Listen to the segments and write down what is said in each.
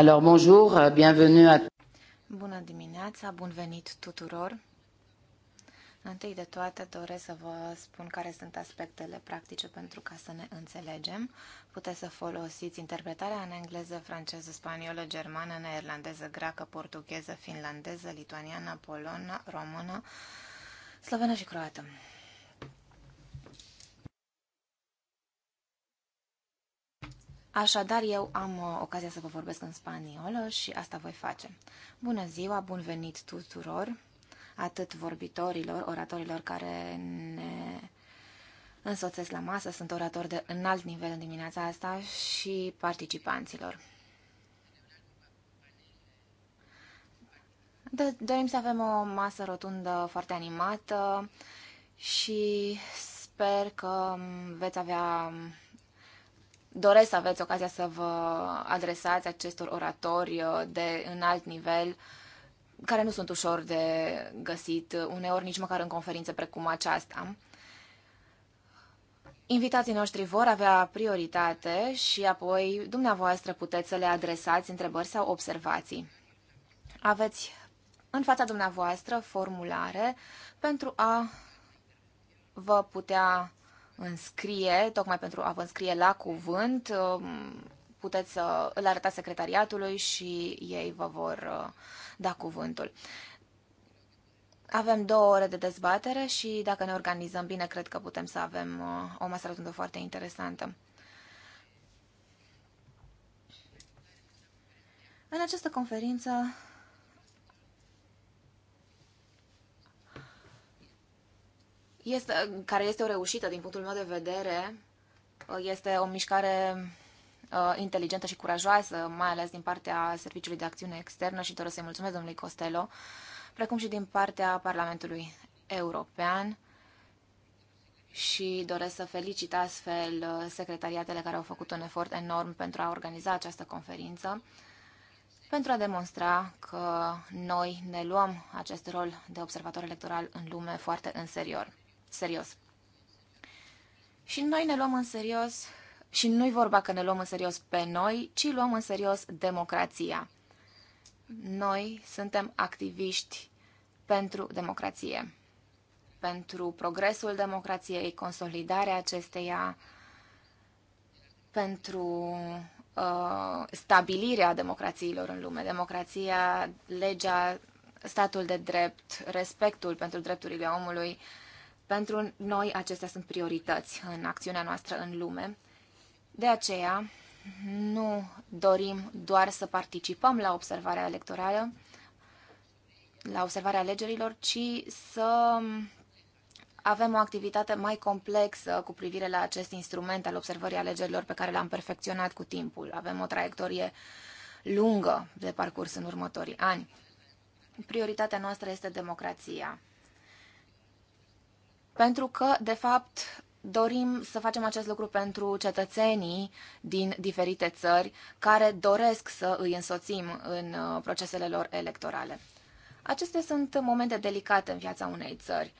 Alors bonjour, euh, bienvenue à... Bună dimineața, bun venit tuturor! Întâi de toate doresc să vă spun care sunt aspectele practice pentru ca să ne înțelegem. Puteți să folosiți interpretarea în engleză, franceză, spaniolă, germană, neerlandeză, greacă, portugheză, finlandeză, lituaniană, polonă, română, slovenă și croată. Așadar, eu am uh, ocazia să vă vorbesc în spaniolă și asta voi face. Bună ziua, bun venit tuturor, atât vorbitorilor, oratorilor care ne însoțesc la masă, sunt oratori de înalt nivel în dimineața asta și participanților. De- dorim să avem o masă rotundă foarte animată și sper că veți avea doresc să aveți ocazia să vă adresați acestor oratori uh, de înalt nivel care nu sunt ușor de găsit, uh, uneori nici măcar în conferințe precum aceasta. Invitații noștri vor avea prioritate și apoi dumneavoastră puteți să le adresați întrebări sau observații. Aveți în fața dumneavoastră formulare pentru a vă putea înscrie, tocmai pentru a vă înscrie la cuvânt, um, puteți să îl arătați secretariatului și ei vă vor uh, da cuvântul. Avem două ore de dezbatere și dacă ne organizăm bine, cred că putem să avem uh, o masă rotundă foarte interesantă. În această conferință este, care este o reușită din punctul meu de vedere. Este o mișcare uh, inteligentă și curajoasă, mai ales din partea Serviciului de Acțiune Externă și doresc să-i mulțumesc domnului Costello, precum și din partea Parlamentului European și doresc să felicit astfel uh, secretariatele care au făcut un efort enorm pentru a organiza această conferință, pentru a demonstra că noi ne luăm acest rol de observator electoral în lume foarte în serios serios. Și noi ne luăm în serios, și nu-i vorba că ne luăm în serios pe noi, ci luăm în serios democrația. Noi suntem activiști pentru democrație, pentru progresul democrației, consolidarea acesteia, pentru uh, stabilirea democrațiilor în lume. Democrația, legea, statul de drept, respectul pentru drepturile omului, uh, pentru noi acestea sunt priorități în acțiunea noastră în lume. De aceea nu dorim doar să participăm la observarea electorală, la observarea alegerilor, ci să avem o activitate mai complexă cu privire la acest instrument al observării alegerilor pe care l-am perfecționat cu timpul. Avem o traiectorie lungă de parcurs în următorii ani. Prioritatea noastră este democrația pentru că, de fapt, dorim să facem acest lucru pentru cetățenii din diferite țări care doresc să îi însoțim în uh, procesele lor electorale. Acestea sunt momente delicate în viața unei țări.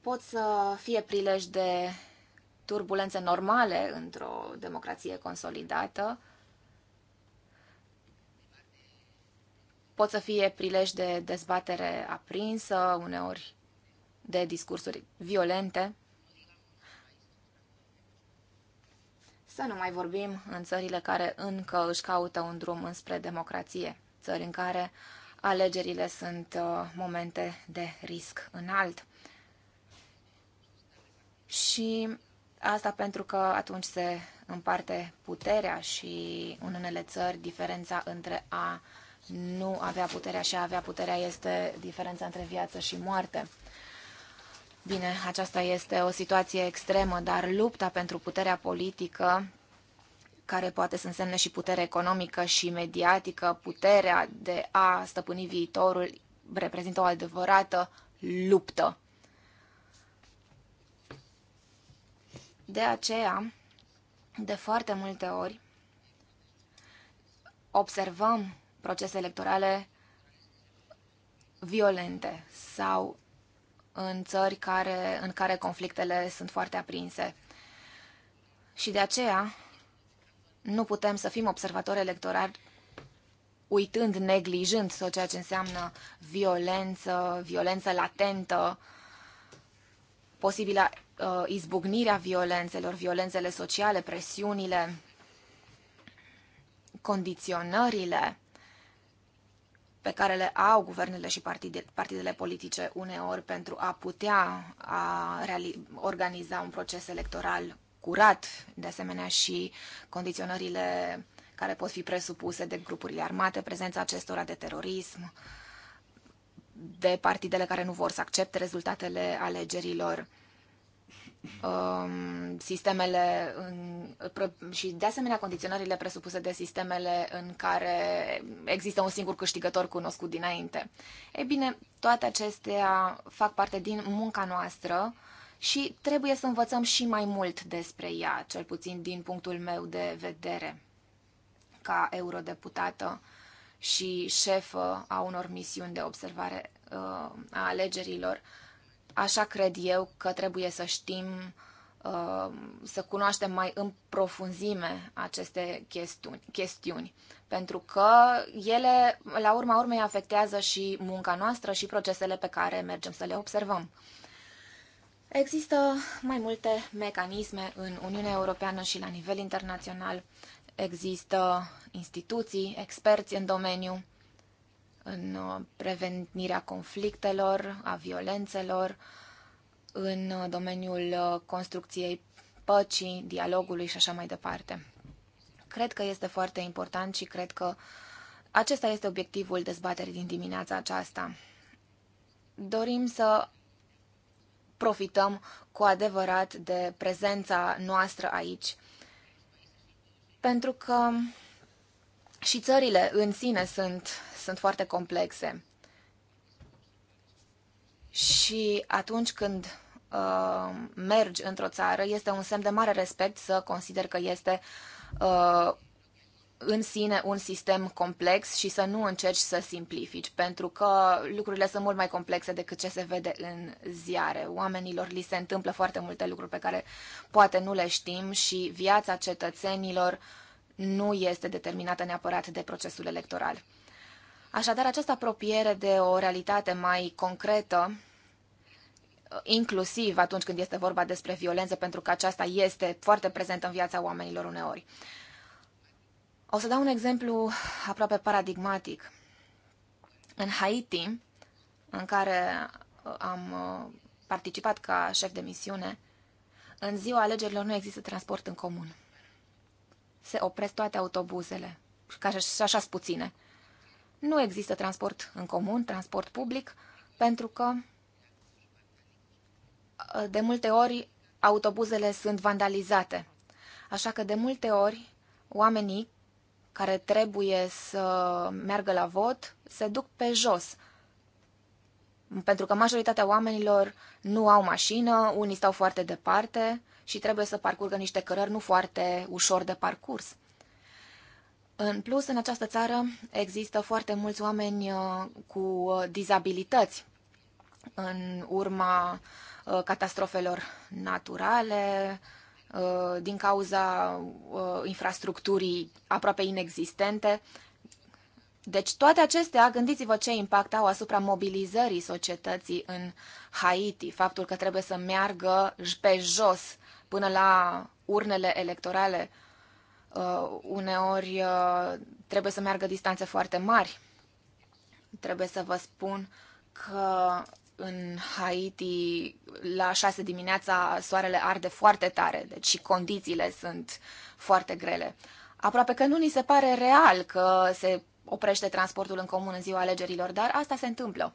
Pot să fie prilej de turbulențe normale într-o democrație consolidată, pot să fie prilej de dezbatere aprinsă, uneori de discursuri violente. Să nu mai vorbim în țările care încă își caută un drum înspre democrație, țări în care alegerile sunt uh, momente de risc înalt. Și asta pentru că atunci se împarte puterea și în unele țări diferența între a nu avea puterea și a avea puterea este diferența între viață și moarte. Bine, aceasta este o situație extremă, dar lupta pentru puterea politică, care poate să însemne și putere economică și mediatică, puterea de a stăpâni viitorul, reprezintă o adevărată luptă. De aceea, de foarte multe ori, observăm procese electorale violente sau în țări care, în care conflictele sunt foarte aprinse. Și de aceea nu putem să fim observatori electorali uitând, neglijând tot ceea ce înseamnă violență, violență latentă, posibilă uh, izbucnirea violențelor, violențele sociale, presiunile, condiționările pe care le au guvernele și partide, partidele politice uneori pentru a putea a organiza un proces electoral curat, de asemenea și condiționările care pot fi presupuse de grupurile armate, prezența acestora de terorism, de partidele care nu vor să accepte rezultatele alegerilor um, sistemele în, și de asemenea condiționările presupuse de sistemele în care există un singur câștigător cunoscut dinainte. Ei bine, toate acestea fac parte din munca noastră și trebuie să învățăm și mai mult despre ea, cel puțin din punctul meu de vedere ca eurodeputată și șefă a unor misiuni de observare uh, a alegerilor Așa cred eu că trebuie să știm, uh, să cunoaștem mai în profunzime aceste chestiuni, chestiuni, pentru că ele, la urma urmei, afectează și munca noastră și procesele pe care mergem să le observăm. Există mai multe mecanisme în Uniunea Europeană și la nivel internațional. Există instituții, experți în domeniu în prevenirea conflictelor, a violențelor, în domeniul construcției păcii, dialogului și așa mai departe. Cred că este foarte important și cred că acesta este obiectivul dezbaterii din dimineața aceasta. Dorim să profităm cu adevărat de prezența noastră aici, pentru că și țările în sine sunt sunt foarte complexe. Și atunci când uh, mergi într-o țară, este un semn de mare respect să consider că este uh, în sine un sistem complex și să nu încerci să simplifici, pentru că lucrurile sunt mult mai complexe decât ce se vede în ziare. Oamenilor li se întâmplă foarte multe lucruri pe care poate nu le știm și viața cetățenilor nu este determinată neapărat de procesul electoral. Așadar, această apropiere de o realitate mai concretă, inclusiv atunci când este vorba despre violență, pentru că aceasta este foarte prezentă în viața oamenilor uneori. O să dau un exemplu aproape paradigmatic. În Haiti, în care uh, am uh, participat ca șef de misiune, în ziua alegerilor nu există transport în comun. Se opresc toate autobuzele, ca și așa puține nu există transport în comun, transport public, pentru că uh, de multe ori autobuzele sunt vandalizate. Așa că de multe ori oamenii care trebuie să meargă la vot se duc pe jos. Pentru că majoritatea oamenilor nu au mașină, unii stau foarte departe și trebuie să parcurgă niște cărări nu foarte ușor de parcurs. În plus, în această țară există foarte mulți oameni uh, cu dizabilități în urma uh, catastrofelor naturale, uh, din cauza infrastructurii aproape inexistente. Deci toate acestea, gândiți-vă ce impact au asupra mobilizării societății în Haiti, faptul că trebuie să meargă pe jos până la urnele electorale Uh, uneori uh, trebuie să meargă distanțe foarte mari. Trebuie să vă spun că în Haiti la 6 dimineața soarele arde foarte tare, deci și condițiile sunt foarte grele. Aproape că nu ni se pare real că se oprește transportul în comun în ziua alegerilor, dar asta se întâmplă.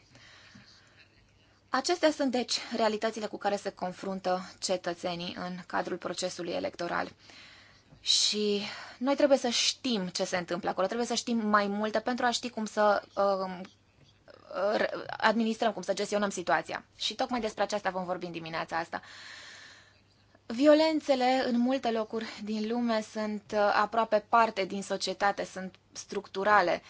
Acestea sunt, deci, realitățile cu care se confruntă cetățenii în cadrul procesului electoral. Și noi trebuie să știm ce se întâmplă acolo, trebuie să știm mai multe pentru a ști cum să uh, administrăm, cum să gestionăm situația. Și tocmai despre aceasta vom vorbi în dimineața asta. Violențele în multe locuri din lume sunt uh, aproape parte din societate, sunt structurale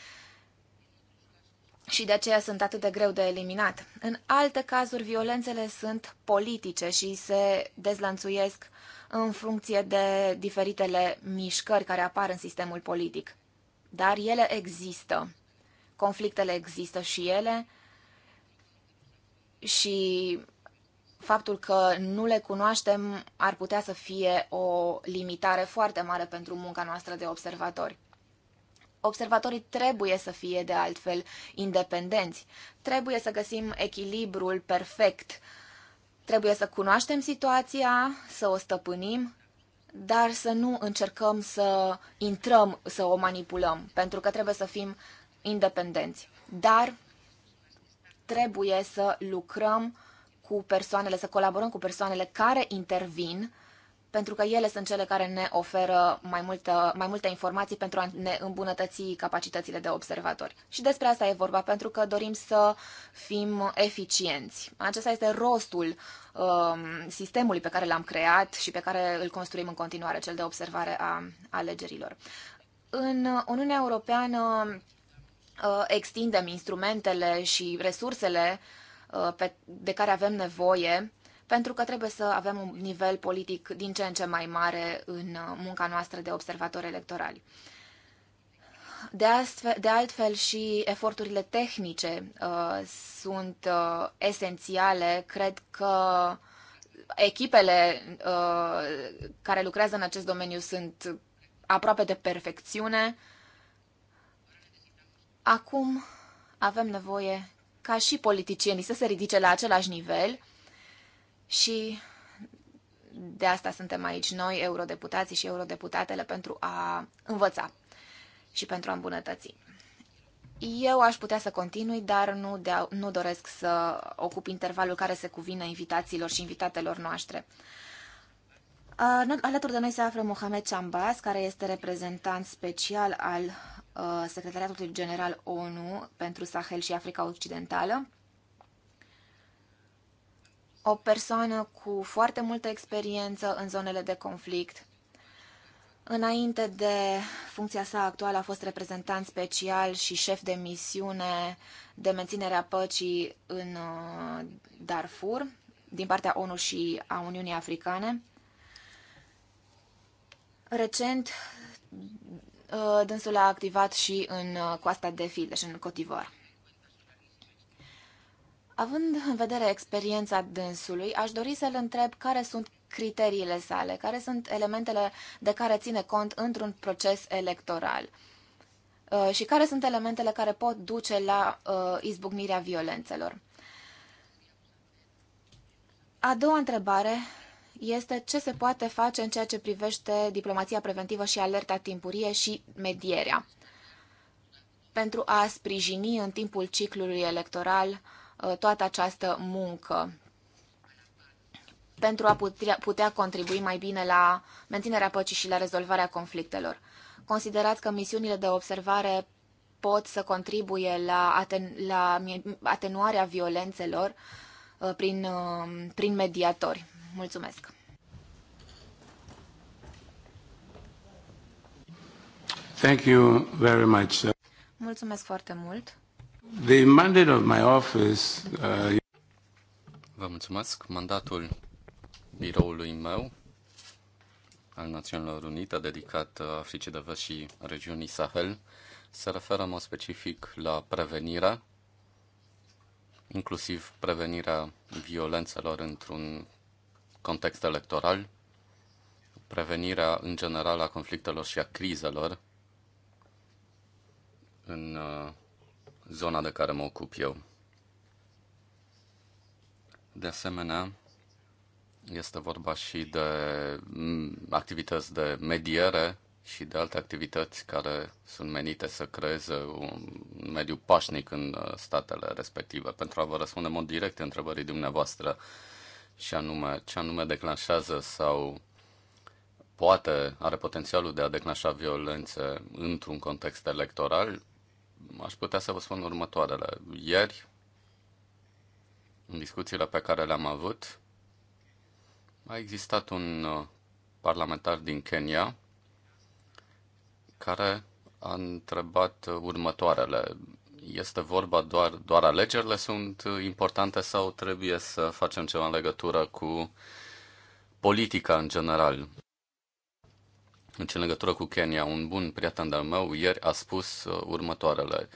și de aceea sunt atât de greu de eliminat. În alte cazuri, violențele sunt politice și se dezlănțuiesc uh, în funcție de diferitele mișcări care apar în sistemul politic. Dar ele există. Conflictele există și ele și faptul că nu le cunoaștem ar putea să fie o limitare foarte mare pentru munca noastră de observatori. Observatorii trebuie să fie de altfel independenți. Trebuie să găsim echilibrul perfect uh, Trebuie să cunoaștem situația, să o stăpânim, dar să nu încercăm să intrăm, să o manipulăm, pentru că trebuie să fim independenți. Dar trebuie să lucrăm cu persoanele, să colaborăm cu persoanele care intervin pentru că ele sunt cele care ne oferă mai, multă, mai multe informații pentru a ne îmbunătăți capacitățile de observatori. Și despre asta e vorba, pentru că dorim să fim eficienți. Acesta este rostul um, sistemului pe care l-am creat și pe care îl construim în continuare, cel de observare a alegerilor. În Uniunea Europeană uh, extindem instrumentele și resursele uh, pe, de care avem nevoie pentru că trebuie să avem un nivel politic din ce în ce mai mare în uh, munca noastră de observatori electorali. De, astfel, de altfel și eforturile tehnice uh, sunt uh, esențiale. Cred că echipele uh, care lucrează în acest domeniu sunt aproape de perfecțiune. Acum avem nevoie ca și politicienii să se ridice la același nivel și de asta suntem aici noi, eurodeputații și eurodeputatele, pentru a învăța și pentru a îmbunătăți. Eu aș putea să continui, dar nu, de, nu doresc să ocup intervalul care se cuvine invitațiilor și invitatelor noastre. Alături de noi se află Mohamed Chambas, care este reprezentant special al Secretariatului General ONU pentru Sahel și Africa Occidentală o persoană cu foarte multă experiență în zonele de conflict. Înainte de funcția sa actuală a fost reprezentant special și șef de misiune de menținere a păcii în uh, Darfur, din partea ONU și a Uniunii Africane. Recent, uh, dânsul a activat și în uh, coasta de Fildeș, în Cotivar. Având în vedere experiența dânsului, aș dori să-l întreb care sunt criteriile sale, care sunt elementele de care ține cont într-un proces electoral uh, și care sunt elementele care pot duce la uh, izbucnirea violențelor. A doua întrebare este ce se poate face în ceea ce privește diplomația preventivă și alerta timpurie și medierea pentru a sprijini în timpul ciclului electoral Uh, toată această muncă pentru a putea, contribui mai bine la menținerea păcii și la rezolvarea conflictelor. Considerați că misiunile de observare pot să contribuie la, aten, la atenuarea violențelor uh, prin, uh, prin mediatori. Mulțumesc! Thank you very much. Mulțumesc foarte mult! The mandate of my office, uh... Vă mulțumesc. Mandatul biroului meu al Națiunilor Unite dedicat uh, Africii de Vest și regiunii Sahel se referă mai specific la prevenirea, inclusiv prevenirea violențelor într-un context electoral, prevenirea în general a conflictelor și a crizelor în uh, zona de care mă ocup eu. De asemenea, este vorba și de activități de mediere și de alte activități care sunt menite să creeze un mediu pașnic în uh, statele respective. Pentru a vă răspunde în mod direct întrebării dumneavoastră, și anume ce anume declanșează sau poate are potențialul de a declanșa violențe într-un context electoral, aș putea să vă spun următoarele. Ieri, în discuțiile pe care le-am avut, a existat un uh, parlamentar din Kenya care a întrebat uh, următoarele. Este vorba doar, doar alegerile sunt uh, importante sau trebuie să facem ceva în legătură cu politica în general? Deci, în legătură cu Kenya, un bun prieten al meu ieri a spus uh, următoarele.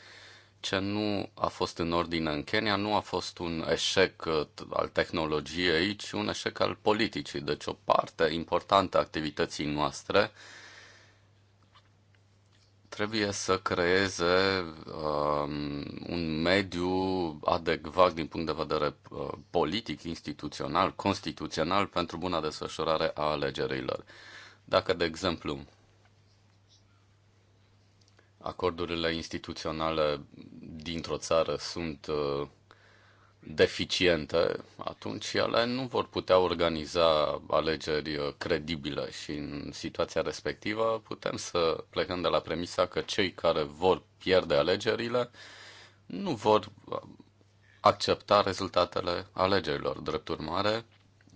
Ce nu a fost în ordine în Kenya nu a fost un eșec uh, al tehnologiei, ci un eșec al politicii. Deci, o parte importantă a activității noastre trebuie să creeze um, un mediu adecvat din punct de vedere uh, politic, instituțional, constituțional pentru buna desfășurare a alegerilor. Dacă, de exemplu, acordurile instituționale dintr-o țară sunt uh, deficiente, atunci ele nu vor putea organiza alegeri uh, credibile și în situația respectivă putem să plecăm de la premisa că cei care vor pierde alegerile nu vor uh, accepta rezultatele alegerilor. Drept urmare,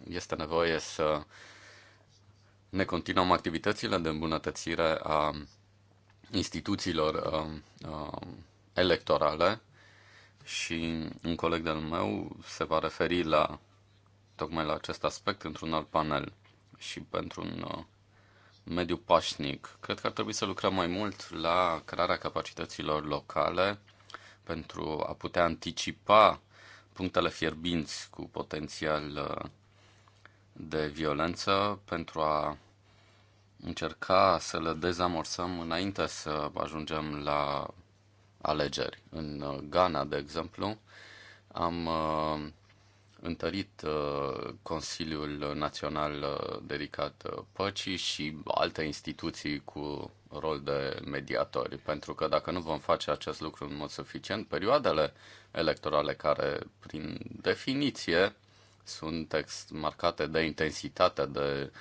este nevoie să ne continuăm activitățile de îmbunătățire a instituțiilor a, um, a, um, electorale și un coleg de-al meu se va referi la tocmai la acest aspect într-un alt panel și pentru un a, uh, mediu pașnic. Cred că ar trebui să lucrăm mai mult la crearea capacităților locale pentru a putea anticipa punctele fierbinți cu potențial uh, de violență pentru a încerca să le dezamorsăm înainte să ajungem la alegeri. În uh, Ghana, de exemplu, am uh, întărit uh, Consiliul Național dedicat păcii și alte instituții cu rol de mediatori, pentru că dacă nu vom face acest lucru în mod suficient, perioadele electorale care, prin definiție, sunt marcate de intensitate, de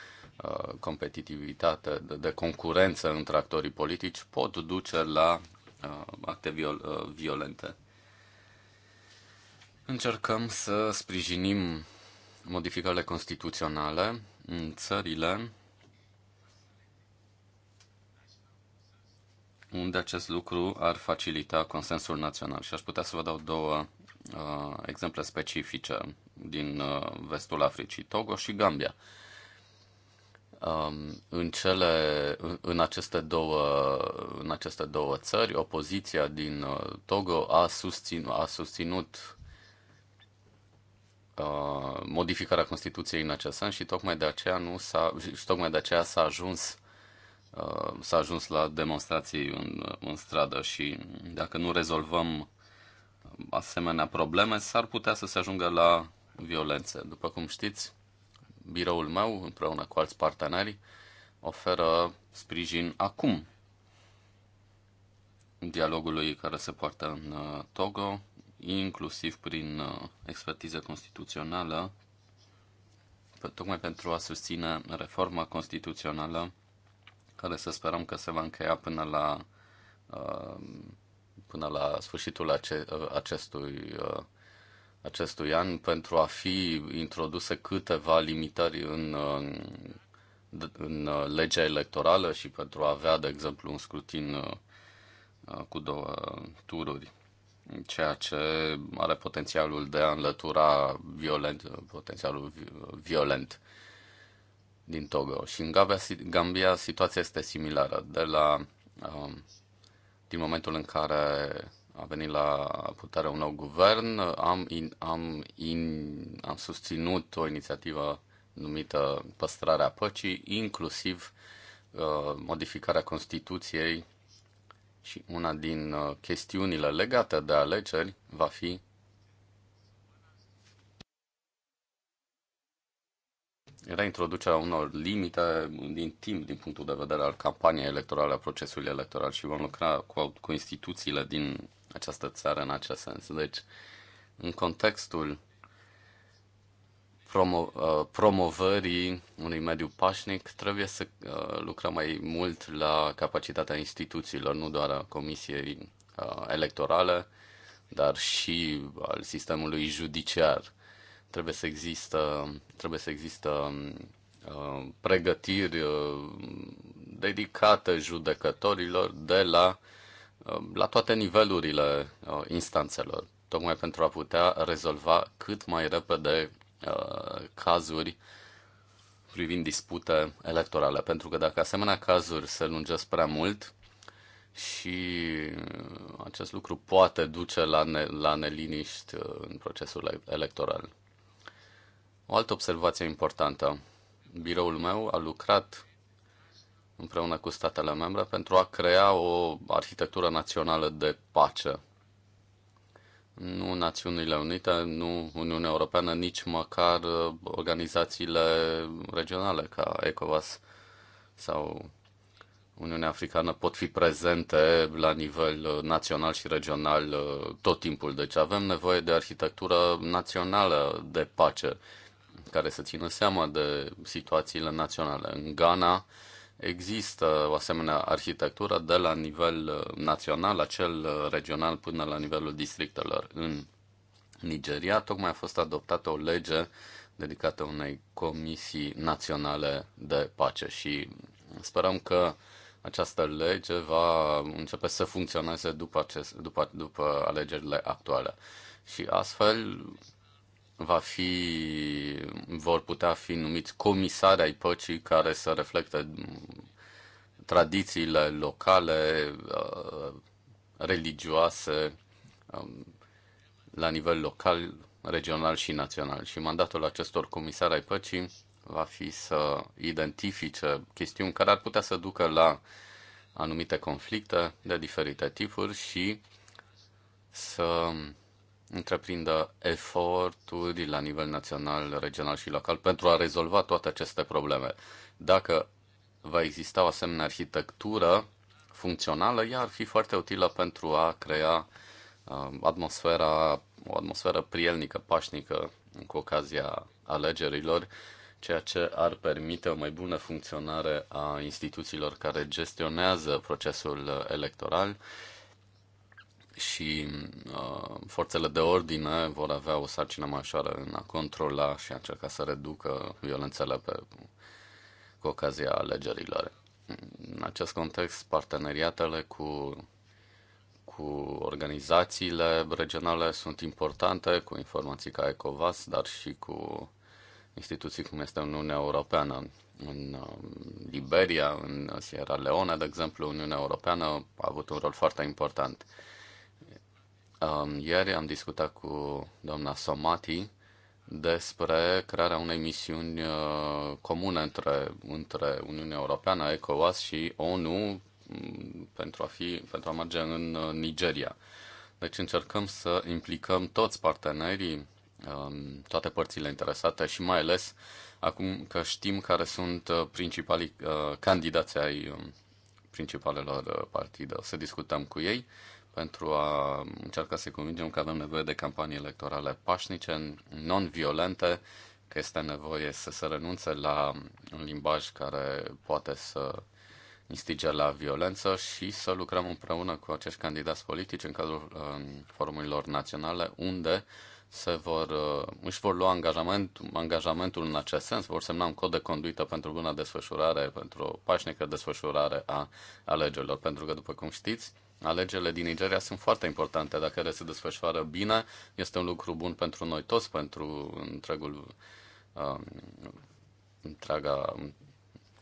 uh, competitivitate, de, de concurență între actorii politici, pot duce la uh, acte viol, uh, violente. Încercăm să sprijinim modificările constituționale în țările unde acest lucru ar facilita consensul național. Și aș putea să vă dau două uh, exemple specifice din uh, vestul Africii, Togo și Gambia. Um, în, cele, în, aceste două, în aceste două țări, opoziția din uh, Togo a, susțin, a susținut uh, modificarea Constituției în acest sens și tocmai de aceea, nu s-a, și tocmai de aceea s-a ajuns uh, s-a ajuns la demonstrații în, în stradă și dacă nu rezolvăm asemenea probleme, s-ar putea să se ajungă la violențe. După cum știți, biroul meu, împreună cu alți parteneri, oferă sprijin acum dialogului care se poartă în uh, Togo, inclusiv prin uh, expertiză constituțională, tocmai pentru a susține reforma constituțională, care să sperăm că se va încheia până la uh, până la sfârșitul acestui, uh, acestui an pentru a fi introduse câteva limitări în, uh, în uh, legea electorală și pentru a avea, de exemplu, un scrutin cu două tururi, ceea ce are potențialul de a înlătura violent, potențialul violent din Togo. Și în Gambia, Gambia situația este similară. De la um, din momentul în care a venit la putere un nou guvern, am, in, am, in, am susținut o inițiativă numită Păstrarea Păcii, inclusiv uh, modificarea Constituției și una din uh, chestiunile legate de alegeri va fi Era introducerea unor limite din timp, din punctul de vedere al campaniei electorale, a procesului electoral și vom lucra cu, cu instituțiile din această țară în acest sens. Deci, în contextul promo, uh, promovării unui mediu pașnic, trebuie să uh, lucrăm mai mult la capacitatea instituțiilor, nu doar a Comisiei uh, electorale, dar și al sistemului judiciar Trebuie să există, trebuie să există uh, pregătiri uh, dedicate judecătorilor de la, uh, la toate nivelurile uh, instanțelor, tocmai pentru a putea rezolva cât mai repede uh, cazuri privind dispute electorale. Pentru că dacă asemenea cazuri se lungesc prea mult, și uh, acest lucru poate duce la, ne, la neliniști uh, în procesul electoral. O altă observație importantă. Biroul meu a lucrat împreună cu statele membre pentru a crea o arhitectură națională de pace. Nu Națiunile Unite, nu Uniunea Europeană, nici măcar uh, organizațiile regionale ca ECOWAS sau Uniunea Africană pot fi prezente la nivel uh, național și regional uh, tot timpul. Deci avem nevoie de arhitectură națională de pace care să țină seama de situațiile naționale. În Ghana există o asemenea arhitectură de la nivel uh, național, acel uh, regional, până la nivelul districtelor. În Nigeria tocmai a fost adoptată o lege dedicată unei comisii naționale de pace și sperăm că această lege va începe să funcționeze după, acest, după, după alegerile actuale. Și astfel va fi, vor putea fi numiți comisari ai păcii care să reflecte tradițiile locale, uh, religioase, um, la nivel local, regional și național. Și mandatul acestor comisari ai păcii va fi să identifice chestiuni care ar putea să ducă la anumite conflicte de diferite tipuri și să întreprindă eforturi la nivel național, regional și local pentru a rezolva toate aceste probleme. Dacă va exista o asemenea arhitectură funcțională, ea ar fi foarte utilă pentru a crea um, atmosfera, o atmosferă prielnică, pașnică cu ocazia alegerilor, ceea ce ar permite o mai bună funcționare a instituțiilor care gestionează procesul electoral și uh, forțele de ordine vor avea o sarcină mai ușoară în a controla și a încerca să reducă violențele pe, cu ocazia alegerilor. În acest context, parteneriatele cu, cu organizațiile regionale sunt importante, cu informații ca ECOVAS, dar și cu instituții cum este Uniunea Europeană. În um, Liberia, în Sierra Leone, de exemplu, Uniunea Europeană a avut un rol foarte important ieri am discutat cu doamna Somati despre crearea unei misiuni uh, comune între, între Uniunea Europeană, ECOWAS și ONU mm, pentru a, fi, pentru a merge în uh, Nigeria. Deci încercăm să implicăm toți partenerii, um, toate părțile interesate și mai ales acum că știm care sunt uh, principalii candidații ai um, principalelor partide. O să discutăm cu ei pentru a încerca să-i convingem că avem nevoie de campanii electorale pașnice, non-violente, că este nevoie să se renunțe la un limbaj care poate să instige la violență și să lucrăm împreună cu acești candidați politici în cadrul forumurilor naționale, unde se vor, uh, își vor lua angajament, angajamentul în acest sens, vor semna un cod de conduită pentru bună desfășurare, pentru o pașnică desfășurare a alegerilor, pentru că, după cum știți, Alegerile din Nigeria sunt foarte importante. Dacă ele se desfășoară bine, este un lucru bun pentru noi toți, pentru întregul, uh, întreaga,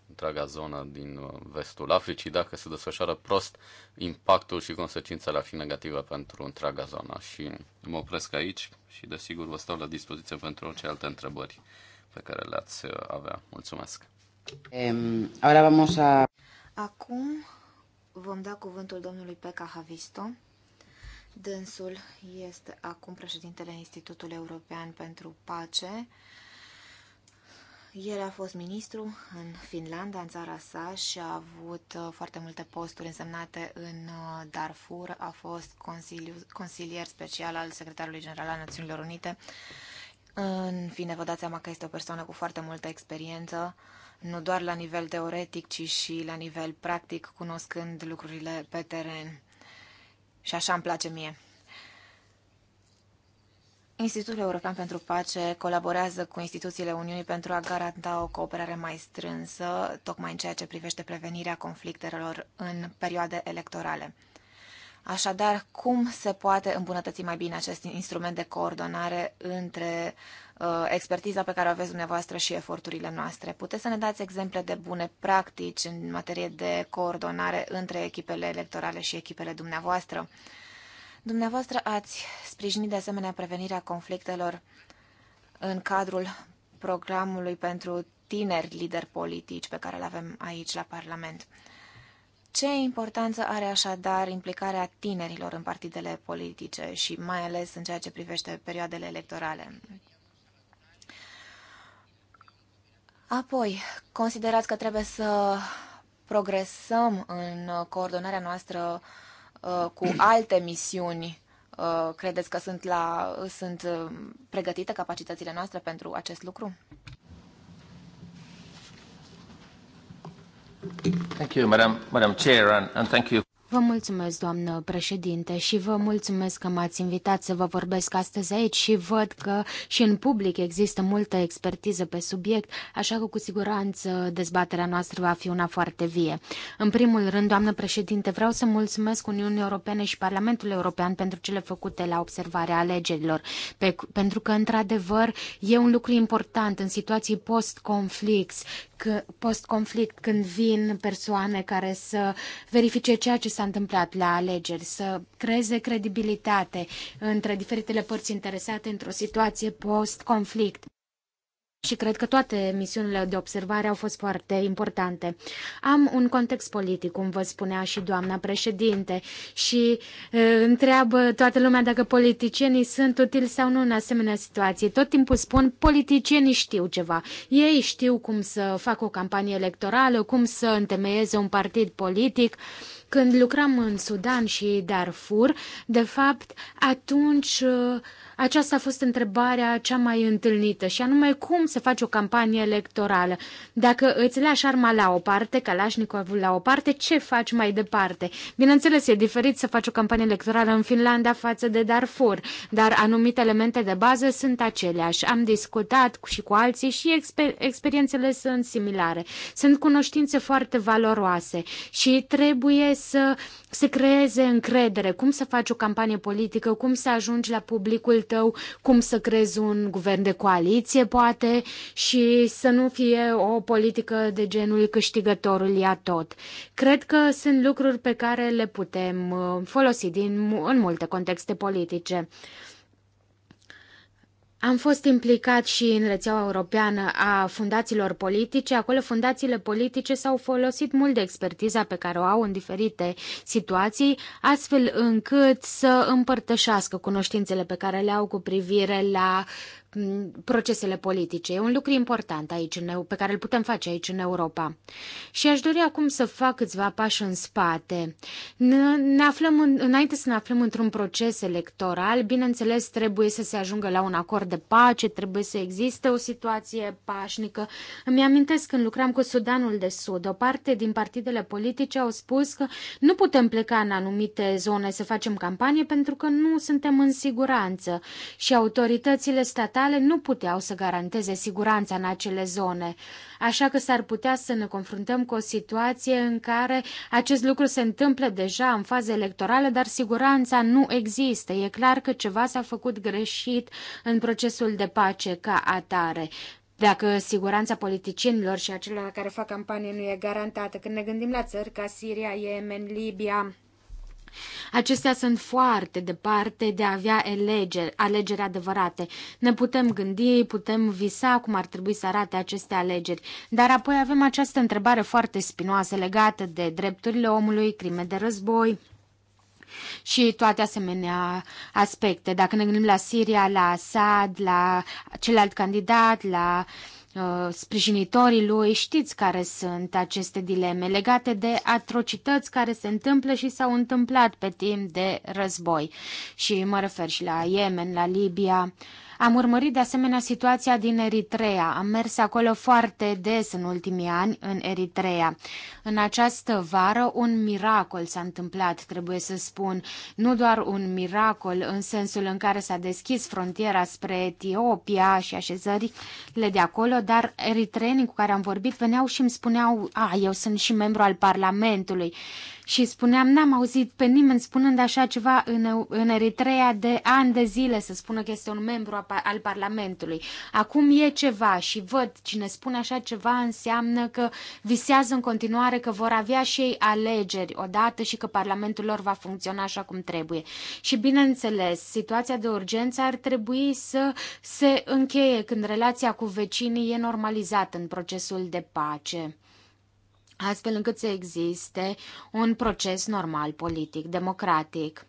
întreaga zonă din vestul Africii. Dacă se desfășoară prost, impactul și consecințele ar fi negative pentru întreaga zonă. Și mă opresc aici și, desigur, vă stau la dispoziție pentru orice alte întrebări pe care le-ați avea. Mulțumesc! Acum vom da cuvântul domnului Peca Havisto. Dânsul este acum președintele Institutului European pentru Pace. El a fost ministru în Finlanda, în țara sa, și a avut uh, foarte multe posturi însemnate în uh, Darfur. A fost consilier special al secretarului general al Națiunilor Unite. În fine, vă dați seama că este o persoană cu foarte multă experiență nu doar la nivel teoretic, ci și la nivel practic, cunoscând lucrurile pe teren. Și așa îmi place mie. Institutul European pentru Pace colaborează cu instituțiile Uniunii pentru a garanta o cooperare mai strânsă, tocmai în ceea ce privește prevenirea conflictelor în perioade electorale. Așadar, cum se poate îmbunătăți mai bine acest instrument de coordonare între uh, expertiza pe care o aveți dumneavoastră și eforturile noastre? Puteți să ne dați exemple de bune practici în materie de coordonare între echipele electorale și echipele dumneavoastră? Dumneavoastră ați sprijinit de asemenea prevenirea conflictelor în cadrul programului pentru tineri lideri politici pe care îl avem aici la Parlament. Uh, ce importanță are așadar implicarea tinerilor în partidele politice și mai ales în ceea ce privește perioadele electorale? Apoi, considerați că trebuie să progresăm în coordonarea noastră uh, cu alte misiuni? Uh, credeți că sunt, la, sunt uh, pregătite capacitățile noastre pentru acest lucru? Thank you, Madam, Madam Chair, and, and thank you. Vă mulțumesc, doamnă președinte, și vă mulțumesc că m-ați invitat să vă vorbesc astăzi aici și văd că și în public există multă expertiză pe subiect, așa că cu siguranță dezbaterea noastră va fi una foarte vie. În primul rând, doamnă președinte, vreau să mulțumesc Uniunii Europene și Parlamentul European pentru cele făcute la observarea alegerilor, pe, pentru că, într-adevăr, e un lucru important în situații post-conflict, post-conflict când vin persoane care să verifice ceea ce s-a s-a întâmplat la alegeri, să creeze credibilitate între diferitele părți interesate într-o situație post-conflict și cred că toate misiunile de observare au fost foarte importante. Am un context politic, cum vă spunea și doamna președinte, și e, întreabă toată lumea dacă politicienii sunt utili sau nu în asemenea situație. Tot timpul spun, politicienii știu ceva. Ei știu cum să facă o campanie electorală, cum să întemeieze un partid politic. Când lucram în Sudan și Darfur, de fapt, atunci uh, aceasta a fost întrebarea cea mai întâlnită și anume cum se face o campanie electorală. Dacă îți lași arma la o parte, Kalashnikovul la o parte, ce faci mai departe? Bineînțeles, e diferit să faci o campanie electorală în Finlanda față de Darfur, dar anumite elemente de bază sunt aceleași. Am discutat și cu alții și exper- experiențele sunt similare. Sunt cunoștințe foarte valoroase și trebuie să se creeze încredere, cum să faci o campanie politică, cum să ajungi la publicul tău, cum să crezi un guvern de coaliție, poate, și să nu fie o politică de genul câștigătorul ia tot. Cred că sunt lucruri pe care le putem uh, folosi din, în multe contexte politice. Am fost implicat și în rețeaua europeană a fundațiilor politice. Acolo fundațiile politice s-au folosit mult de expertiza pe care o au în diferite situații, astfel încât să împărtășească cunoștințele pe care le au cu privire la Mm, procesele politice. E un lucru important aici, în pe care îl putem face aici în Europa. Și aș dori acum să fac câțiva pași în spate. Ne aflăm în, înainte să ne aflăm într-un proces electoral, bineînțeles, trebuie să se ajungă la un acord de pace, trebuie să existe o situație pașnică. Îmi amintesc când lucram cu Sudanul de Sud, o parte din partidele politice au spus că nu putem pleca în anumite zone să facem campanie pentru că nu suntem în siguranță și autoritățile statale sale nu puteau să garanteze siguranța în acele zone, așa că s-ar putea să ne confruntăm cu o situație în care acest lucru se întâmplă deja în fază electorală, dar siguranța nu există. E clar că ceva s-a făcut greșit în procesul de pace ca atare dacă siguranța politicienilor și acelor care fac campanie nu e garantată. Când ne gândim la țări ca Siria, Yemen, Libia, Acestea sunt foarte departe de a avea elegeri, alegeri adevărate. Ne putem gândi, putem visa cum ar trebui să arate aceste alegeri, dar apoi avem această întrebare foarte spinoasă legată de drepturile omului, crime de război, și toate asemenea aspecte. Dacă ne gândim la Siria, la Assad, la celălalt candidat, la uh, Uh, sprijinitorii lui, știți care sunt aceste dileme legate de atrocități care se întâmplă și s-au întâmplat pe timp de război. Și mă refer și la Yemen, la Libia. Am urmărit de asemenea situația din Eritrea. Am mers acolo foarte des în ultimii ani în Eritrea. În această vară un miracol s-a întâmplat, trebuie să spun. Nu doar un miracol în sensul în care s-a deschis frontiera spre Etiopia și așezările de acolo, dar eritreenii cu care am vorbit veneau și îmi spuneau, a, ah, eu sunt și membru al Parlamentului și spuneam, n-am auzit pe nimeni spunând așa ceva în, în Eritrea de ani de zile, să spună că este un membru al Parlamentului. Acum e ceva și văd cine spune așa ceva înseamnă că visează în continuare că vor avea și ei alegeri odată și că Parlamentul lor va funcționa așa cum trebuie. Și bineînțeles, situația de urgență ar trebui să se încheie când relația cu vecinii e normalizată în procesul de pace astfel încât să existe un proces normal politic, democratic.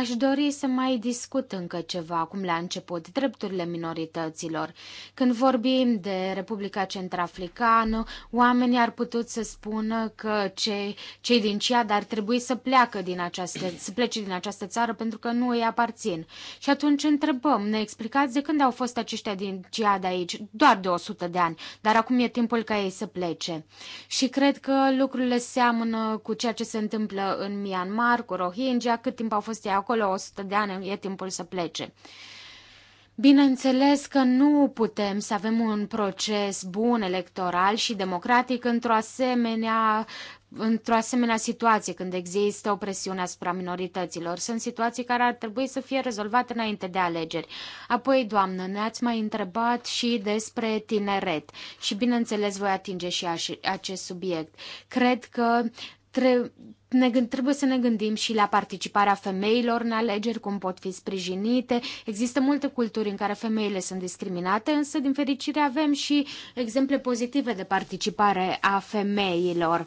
Aș dori să mai discut încă ceva acum la început, drepturile minorităților. Când vorbim de Republica Centrafricană, oamenii ar putea să spună că cei, cei din Ciad ar trebui să, pleacă din această, să plece din această țară pentru că nu îi aparțin. Și atunci întrebăm, ne explicați de când au fost aceștia din Ciad aici? Doar de 100 de ani, dar acum e timpul ca ei să plece. Și cred că lucrurile seamănă cu ceea ce se întâmplă în Myanmar, cu Rohingya, cât timp au fost ei acolo 100 de ani e timpul să plece. Bineînțeles că nu putem să avem un proces bun electoral și democratic într-o asemenea într-o asemenea situație, când există o presiune asupra minorităților. Sunt situații care ar trebui să fie rezolvate înainte de alegeri. Apoi, doamnă, ne-ați mai întrebat și despre tineret și, bineînțeles, voi atinge și acest subiect. Cred că trebuie să ne gândim și la participarea femeilor în alegeri, cum pot fi sprijinite. Există multe culturi în care femeile sunt discriminate, însă, din fericire, avem și exemple pozitive de participare a femeilor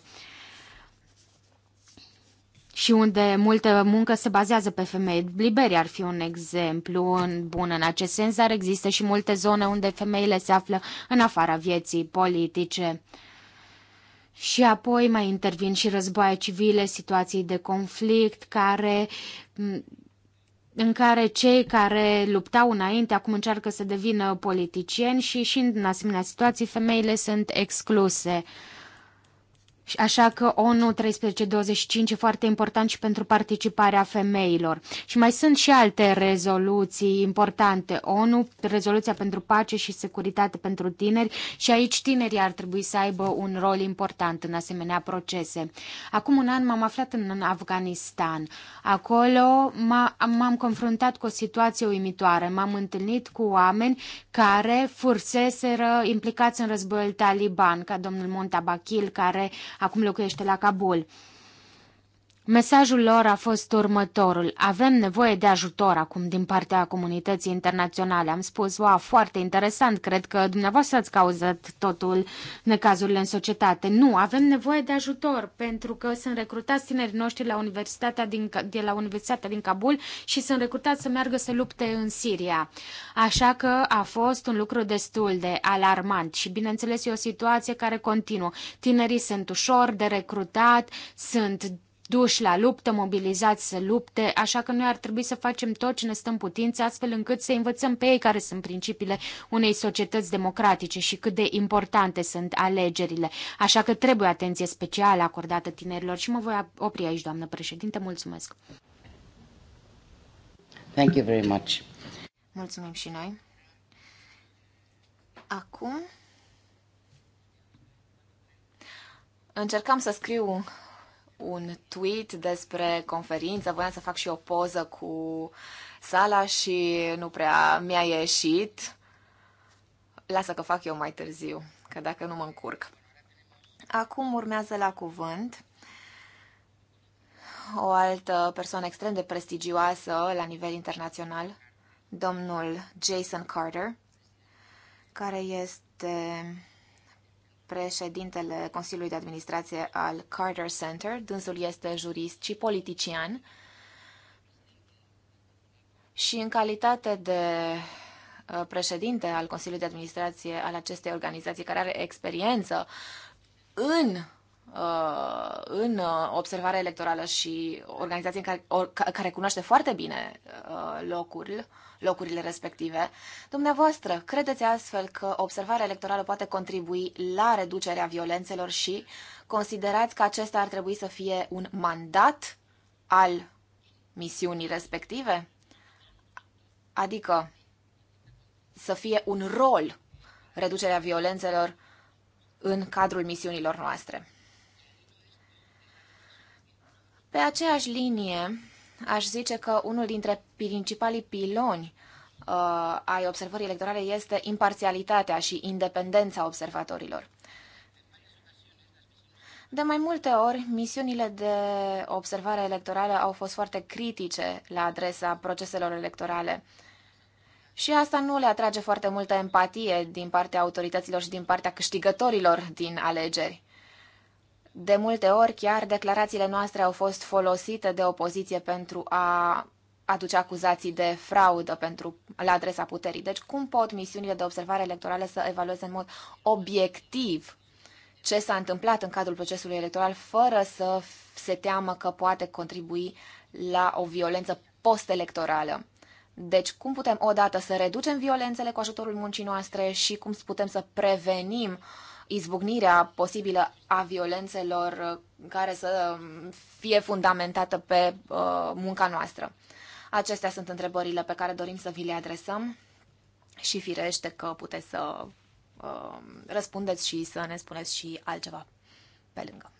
și unde multă muncă se bazează pe femei. Liberia ar fi un exemplu în bun în acest sens, dar există și multe zone unde femeile se află în afara vieții politice. Și apoi mai intervin și războaie civile, situații de conflict care în care cei care luptau înainte acum încearcă să devină politicieni și și în asemenea situații femeile sunt excluse. Uh, Așa că ONU 1325 e foarte important și pentru participarea femeilor. Și mai sunt și alte rezoluții importante. ONU, rezoluția pentru pace și securitate pentru tineri și aici tinerii ar trebui să aibă un rol important în asemenea procese. Acum un an m-am aflat în Afganistan. Acolo m-am confruntat cu o situație uimitoare. M-am întâlnit cu oameni care furseseră implicați în războiul taliban, ca domnul Montabachil, care Acum locuiește la Kabul. Mesajul lor a fost următorul. Avem nevoie de ajutor acum din partea comunității internaționale. Am spus, wow, foarte interesant, cred că dumneavoastră ați cauzat totul necazurile în societate. Nu, avem nevoie de ajutor pentru că sunt recrutați tinerii noștri la Universitatea din, de la Universitatea din Kabul și sunt recrutați să meargă să lupte în Siria. Așa că a fost un lucru destul de alarmant și, bineînțeles, e o situație care continuă. Tinerii sunt ușor de recrutat, sunt duși la luptă, mobilizați să lupte, așa că noi ar trebui să facem tot ce ne stă în putință, astfel încât să învățăm pe ei care sunt principiile unei societăți democratice și cât de importante sunt alegerile. Așa că trebuie atenție specială acordată tinerilor și mă voi opri aici, doamnă președinte. Mulțumesc! Thank you very much. Mulțumim și noi. Acum încercam să scriu un tweet despre conferință, voiam să fac și o poză cu sala și nu prea mi-a ieșit. Lasă că fac eu mai târziu, că dacă nu mă încurc. Acum urmează la cuvânt o altă persoană extrem de prestigioasă la nivel internațional, domnul Jason Carter, care este președintele Consiliului de Administrație al Carter Center. Dânsul este jurist și politician și în calitate de uh, președinte al Consiliului de Administrație al acestei organizații care are experiență în Uh, în uh, observare electorală și organizație care, care cunoaște foarte bine uh, locul, locurile respective. Dumneavoastră, credeți astfel că observarea electorală poate contribui la reducerea violențelor și considerați că acesta ar trebui să fie un mandat al misiunii respective? Adică să fie un rol reducerea violențelor în cadrul misiunilor noastre. Pe aceeași linie, aș zice că unul dintre principalii piloni uh, ai observării electorale este imparțialitatea și independența observatorilor. De mai multe ori, misiunile de observare electorală au fost foarte critice la adresa proceselor electorale. Și asta nu le atrage foarte multă empatie din partea autorităților și din partea câștigătorilor din alegeri. De multe ori, chiar declarațiile noastre au fost folosite de opoziție pentru a aduce acuzații de fraudă pentru, la adresa puterii. Deci cum pot misiunile de observare electorală să evalueze în mod obiectiv ce s-a întâmplat în cadrul procesului electoral fără să se teamă că poate contribui la o violență post-electorală. Deci cum putem odată să reducem violențele cu ajutorul muncii noastre și cum putem să prevenim uh, izbucnirea posibilă a violențelor care să fie fundamentată pe uh, munca noastră. Acestea sunt întrebările pe care dorim să vi le adresăm și firește că puteți să uh, răspundeți și să ne spuneți și altceva pe lângă.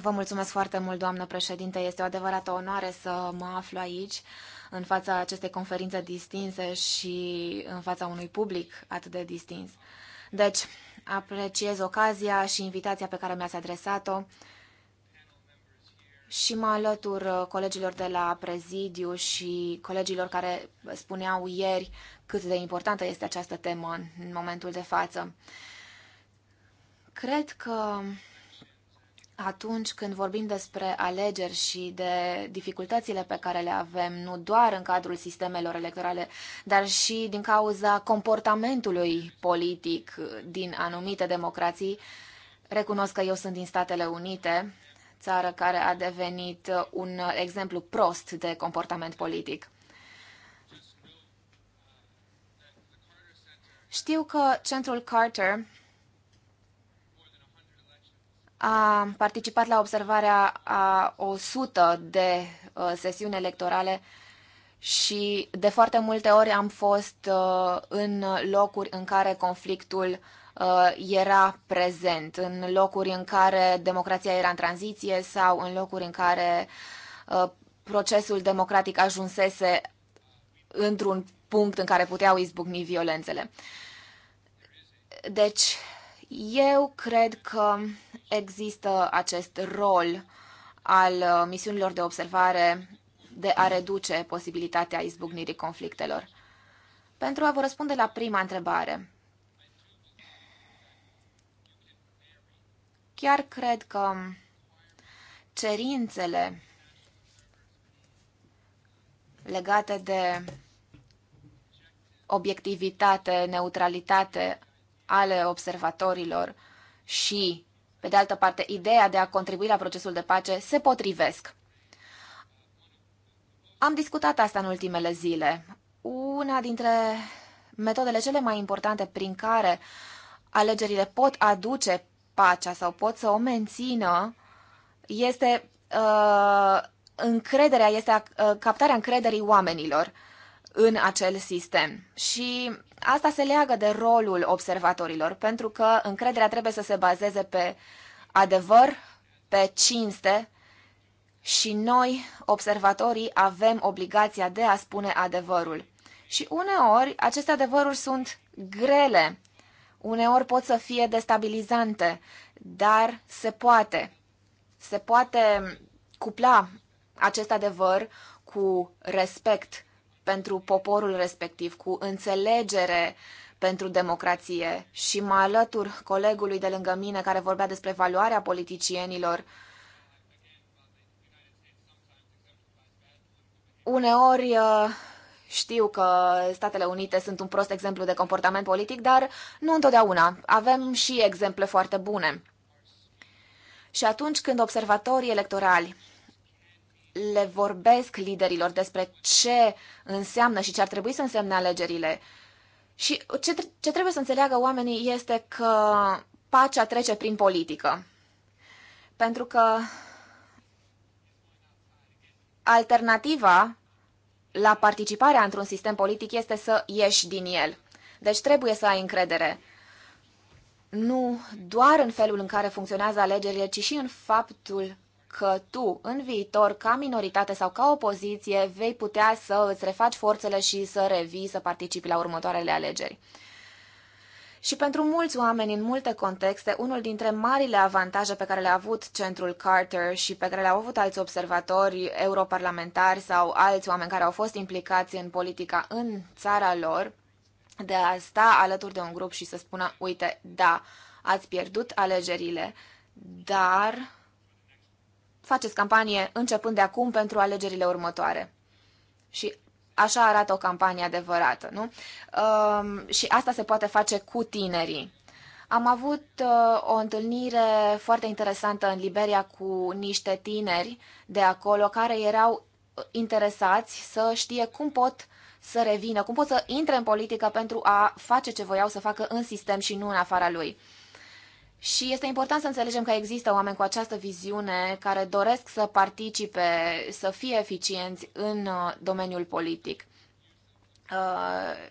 Vă mulțumesc foarte mult, doamnă președinte. Este o adevărată onoare să mă aflu aici în fața acestei conferințe distinse și în fața unui public atât de distins. Deci, apreciez ocazia și invitația pe care mi-ați adresat-o și mă alătur colegilor de la prezidiu și colegilor care spuneau ieri cât de importantă este această temă în momentul de față. Cred că atunci când vorbim despre alegeri și de dificultățile pe care le avem, nu doar în cadrul sistemelor electorale, dar și din cauza comportamentului politic din anumite democrații, recunosc că eu sunt din Statele Unite, țară care a devenit un exemplu prost de comportament politic. Știu că centrul Carter a participat la observarea a 100 de uh, sesiuni electorale și de foarte multe ori am fost uh, în locuri în care conflictul uh, era prezent, în locuri în care democrația era în tranziție sau în locuri în care procesul democratic ajunsese într-un punct în care puteau izbucni violențele. Deci, eu cred că există acest rol al uh, misiunilor de observare de a reduce posibilitatea izbucnirii conflictelor. Pentru a vă răspunde la prima întrebare, chiar cred că cerințele legate de obiectivitate, neutralitate, ale observatorilor și, pe de altă parte, ideea de a contribui la procesul de pace se potrivesc. Am discutat asta în ultimele zile. Una dintre metodele cele mai importante prin care alegerile pot aduce pacea sau pot să o mențină este uh, încrederea, este uh, captarea încrederii oamenilor în acel sistem. Și asta se leagă de rolul observatorilor, pentru că încrederea trebuie să se bazeze pe adevăr, pe cinste și noi, observatorii, avem obligația de a spune adevărul. Și uneori aceste adevăruri sunt grele, uneori pot să fie destabilizante, dar se poate. Se poate cupla acest adevăr cu respect pentru poporul respectiv, cu înțelegere pentru democrație și mă alătur colegului de lângă mine care vorbea despre valoarea politicienilor. Uneori uh, știu că Statele Unite sunt un prost exemplu de comportament politic, dar nu întotdeauna. Avem și exemple foarte bune. Și atunci când observatorii electorali le vorbesc liderilor despre ce înseamnă și ce ar trebui să însemne alegerile. Și ce, ce trebuie să înțeleagă oamenii este că pacea trece prin politică. Pentru că alternativa la participarea într-un sistem politic este să ieși din el. Deci trebuie să ai încredere nu doar în felul în care funcționează alegerile, ci și în faptul că tu, în viitor, ca minoritate sau ca opoziție, vei putea să îți refaci forțele și să revii, să participi la următoarele alegeri. Și pentru mulți oameni, în multe contexte, unul dintre marile avantaje pe care le-a avut centrul Carter și pe care le-au avut alți observatori, europarlamentari sau alți oameni care au fost implicați în politica în țara lor, de a sta alături de un grup și să spună, uite, da, ați pierdut alegerile, dar faceți campanie începând de acum pentru alegerile următoare. Și așa arată o campanie adevărată, nu? Um, și asta se poate face cu tinerii. Am avut uh, o întâlnire foarte interesantă în Liberia cu niște tineri de acolo care erau interesați să știe cum pot să revină, cum pot să intre în politică pentru a face ce voiau să facă în sistem și nu în afara lui. Și este important să înțelegem că există oameni cu această viziune care doresc să participe, să fie eficienți în uh, domeniul politic. Uh,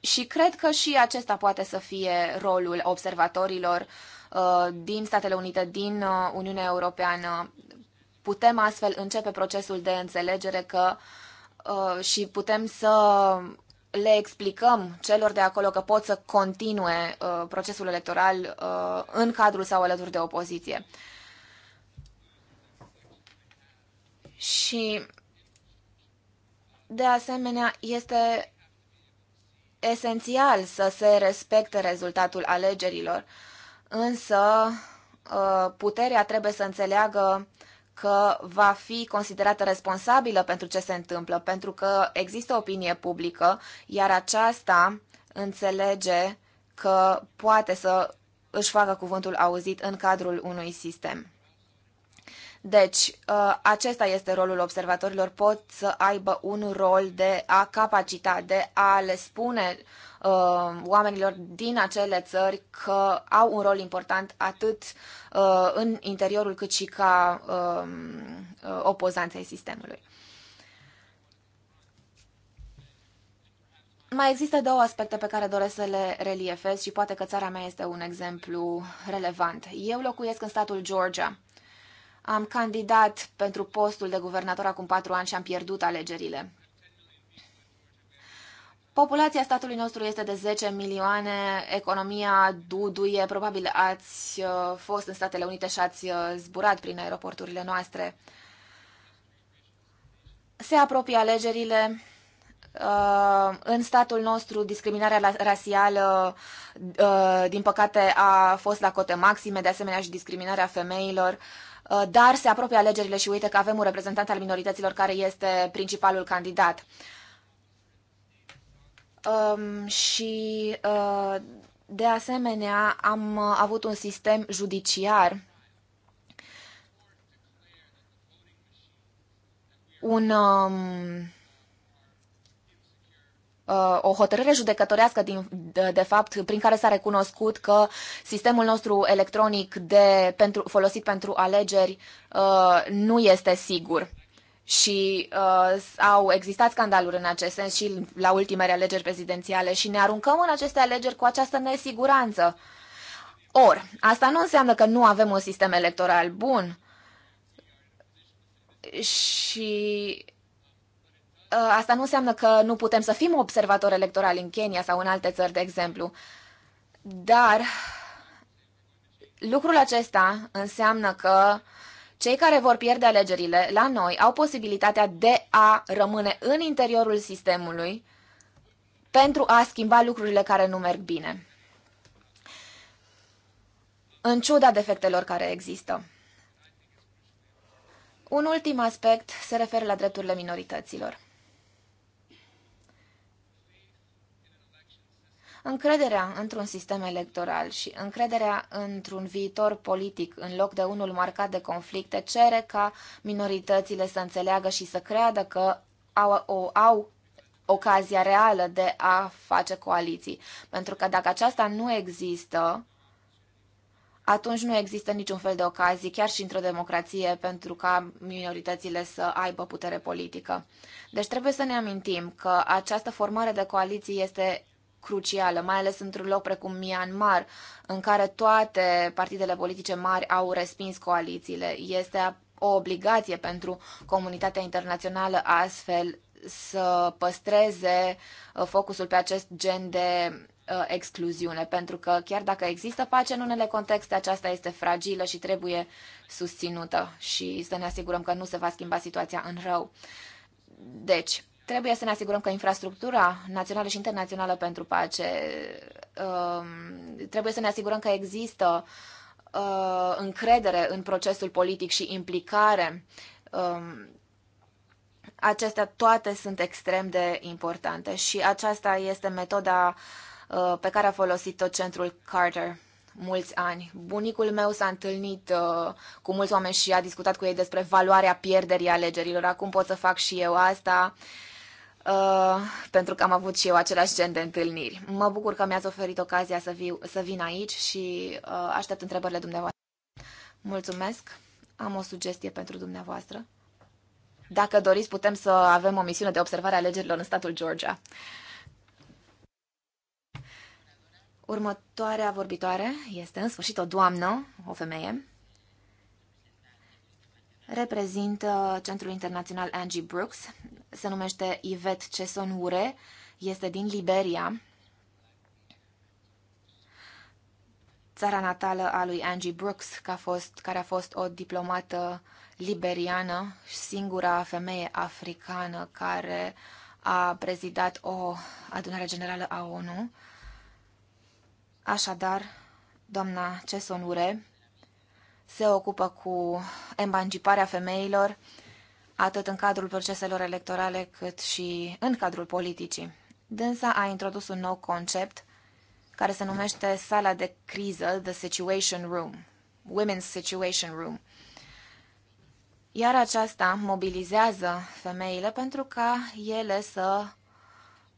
și cred că și acesta poate să fie rolul observatorilor uh, din Statele Unite, din Uniunea Europeană. Putem astfel începe procesul de înțelegere că și putem să le explicăm celor de acolo că pot să continue uh, procesul electoral uh, în cadrul sau alături de opoziție. Și, de asemenea, este esențial să se respecte rezultatul alegerilor, însă uh, puterea trebuie să înțeleagă că va fi considerată responsabilă pentru ce se întâmplă, pentru că există opinie publică, iar aceasta înțelege că poate să își facă cuvântul auzit în cadrul unui sistem. Deci, ă, acesta este rolul observatorilor, pot să aibă un rol de a capacita, de a le spune uh, oamenilor din acele țări că au un rol important atât uh, în interiorul cât și ca um, uh, opozanței sistemului. Mai există două aspecte pe care doresc să le reliefez și poate că țara mea este un exemplu relevant. Eu locuiesc în statul Georgia. Am candidat pentru postul de guvernator acum patru ani și am pierdut alegerile. Populația statului nostru este de 10 milioane, economia duduie, probabil ați uh, fost în Statele Unite și ați uh, zburat prin aeroporturile noastre. Se apropie alegerile, uh, în statul nostru discriminarea rasială, din păcate, a fost la cote maxime, de asemenea și discriminarea femeilor, dar se apropie alegerile și uite că avem un reprezentant al minorităților care este principalul candidat um, și uh, de asemenea am uh, avut un sistem judiciar un um, uh, o hotărâre judecătorească din, de, de fapt prin care s-a recunoscut că sistemul nostru electronic de, pentru, folosit pentru alegeri uh, nu este sigur și uh, au existat scandaluri în acest sens și la ultimele alegeri prezidențiale și ne aruncăm în aceste alegeri cu această nesiguranță. Or, asta nu înseamnă că nu avem un sistem electoral bun și uh, asta nu înseamnă că nu putem să fim observatori electorali în Kenya sau în alte țări, de exemplu. Dar lucrul acesta înseamnă că uh, cei care vor pierde alegerile la noi au posibilitatea de a rămâne în interiorul sistemului pentru a schimba lucrurile care nu merg bine. În ciuda defectelor care există. Un ultim aspect se referă la drepturile minorităților. încrederea într-un sistem electoral și încrederea într-un viitor politic în loc de unul marcat de conflicte cere ca minoritățile să înțeleagă și să creadă că au, o, au ocazia reală de a face coaliții. Pentru că dacă aceasta nu există, atunci nu există niciun fel de ocazie, chiar și într-o democrație, pentru ca minoritățile să aibă putere politică. Deci trebuie să ne amintim că această formare de coaliții este crucială, mai ales într-un loc precum Myanmar, în care toate partidele politice mari au respins coalițiile. Este o obligație pentru comunitatea internațională astfel să păstreze uh, focusul pe acest gen de uh, excluziune, pentru că chiar dacă există pace în unele contexte, aceasta este fragilă și trebuie susținută și să ne asigurăm că nu se va schimba situația în rău. Deci, Trebuie să ne asigurăm că infrastructura națională și internațională pentru pace, um, trebuie să ne asigurăm că există uh, încredere în procesul politic și implicare. Um, acestea toate sunt extrem de importante și aceasta este metoda uh, pe care a folosit-o centrul Carter mulți ani. Bunicul meu s-a întâlnit uh, cu mulți oameni și a discutat cu ei despre valoarea pierderii alegerilor. Acum pot să fac și eu asta. Uh, Uh, pentru că am avut și eu același gen de întâlniri. Mă bucur că mi-ați oferit ocazia să, viu, să vin aici și uh, aștept întrebările dumneavoastră. Mulțumesc. Am o sugestie pentru dumneavoastră. Dacă doriți, putem să avem o misiune de observare a alegerilor în statul Georgia. Următoarea vorbitoare este în sfârșit o doamnă, o femeie, reprezintă Centrul Internațional Angie Brooks, se numește Ceson Cesonure, este din Liberia, țara natală a lui Angie Brooks, că a fost, care a fost o diplomată liberiană, singura femeie africană care a prezidat o adunare generală a ONU. Așadar, doamna Cesonure se ocupă cu emanciparea femeilor, atât în cadrul proceselor electorale, cât și în cadrul politicii. Dânsa a introdus un nou concept care se numește sala de criză, The Situation Room, Women's Situation Room. Iar aceasta mobilizează femeile pentru ca ele să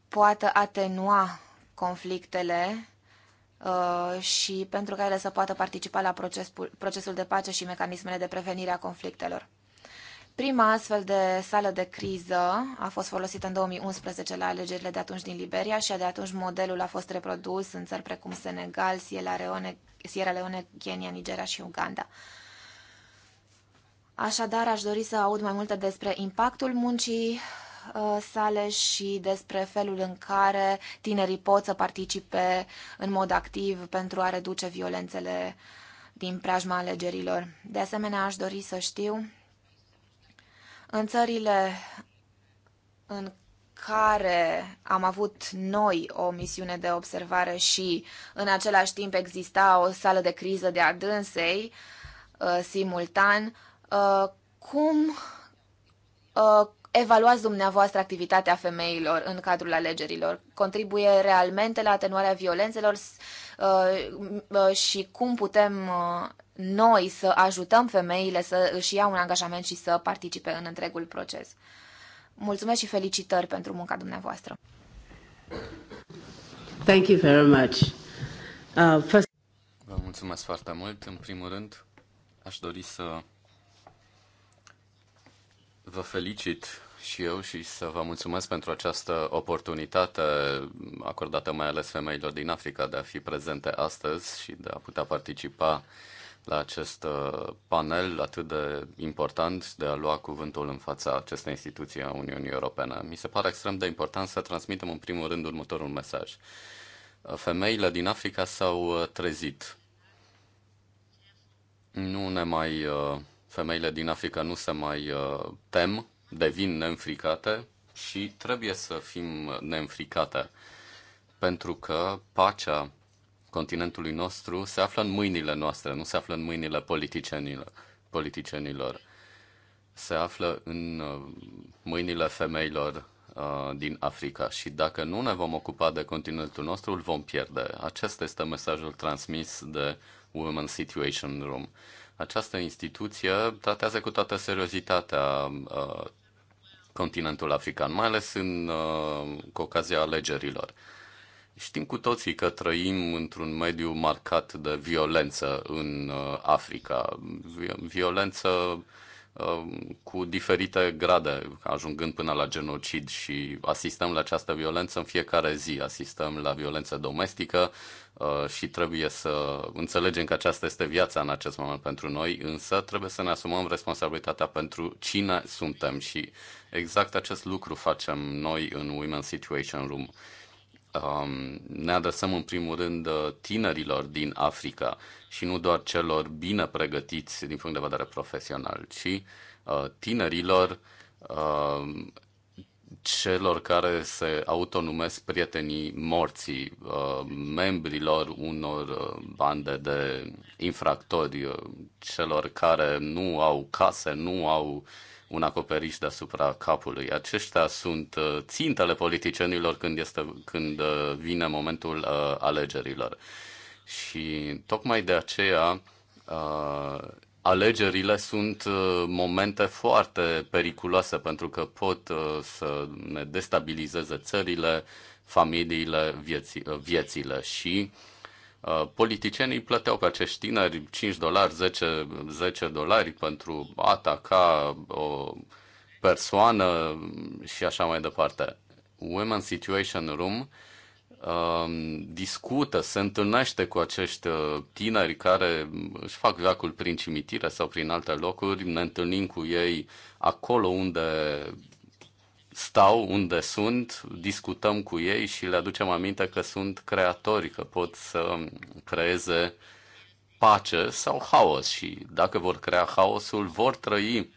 poată atenua conflictele Uh, și pentru ca ele să poată participa la procesul, procesul de pace și mecanismele de prevenire a conflictelor. Prima astfel de sală de criză a fost folosită în 2011 la alegerile de atunci din Liberia și de atunci modelul a fost reprodus în țări precum Senegal, Sierra Leone, Sierra Leone Kenya, Nigeria și Uganda. Așadar, aș dori să aud mai multe despre impactul muncii Uh, sale și despre felul în care tinerii pot să participe în mod activ pentru a reduce violențele din preajma alegerilor. De asemenea, aș dori să știu în țările în care am avut noi o misiune de observare și în același timp exista o sală de criză de adânsei uh, simultan, uh, cum evaluați dumneavoastră activitatea femeilor în cadrul alegerilor? Contribuie realmente la atenuarea violențelor uh, uh, și cum putem uh, noi să ajutăm femeile să își ia un angajament și să participe în întregul proces? Mulțumesc și felicitări pentru munca dumneavoastră. Thank you very much. Uh, first... Vă mulțumesc foarte mult. În primul rând, aș dori să Vă felicit și eu și să vă mulțumesc pentru această oportunitate acordată mai ales femeilor din Africa de a fi prezente astăzi și de a putea participa la acest uh, panel atât de important de a lua cuvântul în fața acestei instituții a Uniunii Europene. Mi se pare extrem de important să transmitem în primul rând următorul mesaj. Femeile din Africa s-au uh, trezit. Nu ne mai uh, Femeile din Africa nu se mai uh, tem, devin neînfricate și trebuie să fim neînfricate, pentru că pacea continentului nostru se află în mâinile noastre, nu se află în mâinile politicienilor. politicienilor. Se află în uh, mâinile femeilor uh, din Africa și dacă nu ne vom ocupa de continentul nostru, îl vom pierde. Acesta este mesajul transmis de Women's Situation Room această instituție tratează cu toată seriozitatea uh, continentul african, mai ales în, uh, cu ocazia alegerilor. Știm cu toții că trăim într-un mediu marcat de violență în uh, Africa, violență cu diferite grade, ajungând până la genocid și asistăm la această violență în fiecare zi. Asistăm la violență domestică, Uh, și trebuie să înțelegem că aceasta este viața în acest moment pentru noi, însă trebuie să ne asumăm responsabilitatea pentru cine suntem și exact acest lucru facem noi în Women's Situation Room. Um, ne adresăm în primul rând uh, tinerilor din Africa și nu doar celor bine pregătiți din punct de vedere profesional, ci uh, tinerilor celor care se autonumesc prietenii morții, uh, membrilor unor uh, bande de infractori, uh, celor care nu au case, nu au un acoperiș deasupra capului. Aceștia sunt țintele politicienilor când, este, când vine momentul alegerilor. Și tocmai de aceea alegerile sunt uh, momente foarte periculoase pentru că pot uh, să ne destabilizeze țările, familiile, vieții, uh, viețile și politicienii plăteau pe acești tineri 5 dolari, 10, 10 dolari pentru a ataca o persoană și așa mai departe. Women Situation Room Um, discută, se întâlnește cu acești uh, tineri care își fac veacul prin cimitire sau prin alte locuri, ne întâlnim cu ei acolo unde stau, unde sunt, discutăm cu ei și le aducem aminte că sunt creatori, că pot să creeze pace sau haos și dacă vor crea haosul, vor trăi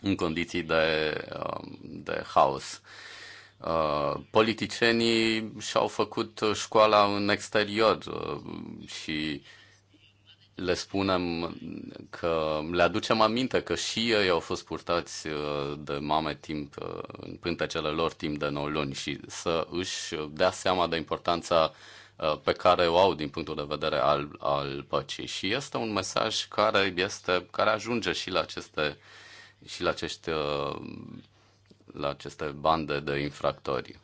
în condiții de, uh, de haos. Uh, politicienii și-au făcut uh, școala în exterior uh, și le spunem că le aducem aminte că și ei au fost purtați de mame timp în pântecele lor timp de 9 luni și să își dea seama de importanța pe care o au din punctul de vedere al, al păcii. Și este un mesaj care, este, care ajunge și la aceste și la acești la aceste bande de infractori.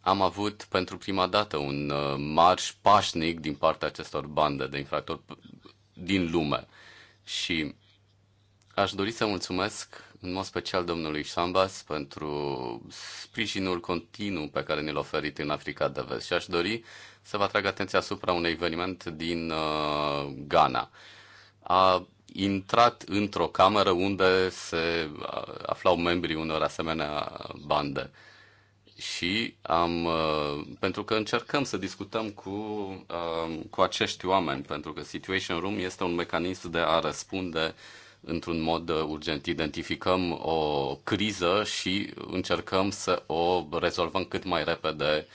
Am avut pentru prima dată un uh, marș pașnic din partea acestor bande de infractori din lume și aș dori să mulțumesc în mod special domnului Shambas pentru sprijinul continuu pe care ne-l oferit în Africa de Vest și aș dori să vă atrag atenția asupra unui eveniment din uh, Ghana. A intrat într-o cameră unde se aflau membrii unor asemenea bande. Și am, pentru că încercăm să discutăm cu, cu acești oameni, pentru că Situation Room este un mecanism de a răspunde într-un mod urgent. Identificăm o criză și încercăm să o rezolvăm cât mai repede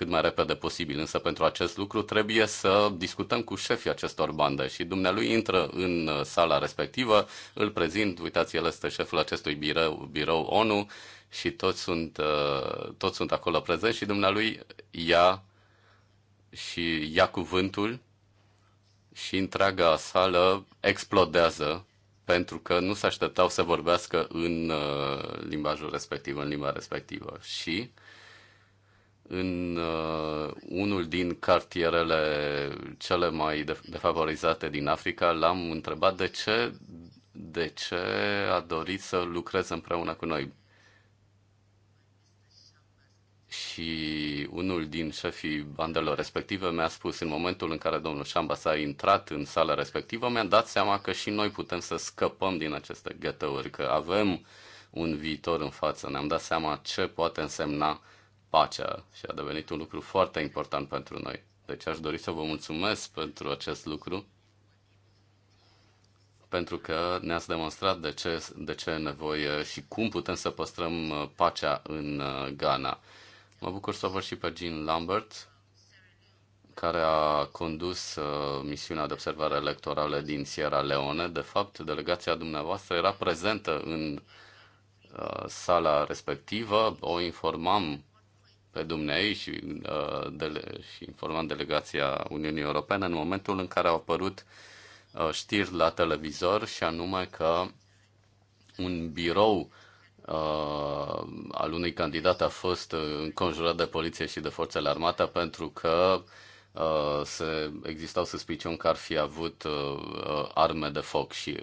cât mai repede posibil. Însă pentru acest lucru trebuie să discutăm cu șefii acestor bande și dumnealui intră în uh, sala respectivă, îl prezint, uitați, el este șeful acestui birou, birou ONU și toți sunt, uh, toți sunt acolo prezenți și dumnealui ia și ia cuvântul și întreaga sală explodează pentru că nu se așteptau să vorbească în uh, limbajul respectiv, în limba respectivă. Și în uh, unul din cartierele cele mai defavorizate din Africa, l-am întrebat de ce, de ce a dorit să lucreze împreună cu noi. Și unul din șefii bandelor respective mi-a spus, în momentul în care domnul s a intrat în sala respectivă, mi-am dat seama că și noi putem să scăpăm din aceste ghetăuri, că avem un viitor în față. Ne-am dat seama ce poate însemna uh, pacea și a devenit un lucru foarte important pentru noi. Deci aș dori să vă mulțumesc pentru acest lucru, pentru că ne-ați demonstrat de ce, de ce e nevoie și cum putem să păstrăm uh, pacea în uh, Ghana. Mă bucur să văd și pe Jean Lambert, care a condus uh, misiunea de observare electorală din Sierra Leone. De fapt, delegația dumneavoastră era prezentă în sala respectivă, o informam pe dumnei și, uh, și informam delegația Uniunii Europene în momentul în care au apărut uh, știri la televizor și anume că un birou uh, al unui candidat a fost înconjurat de poliție și de forțele armate pentru că se, existau suspiciuni că ar fi avut arme de foc și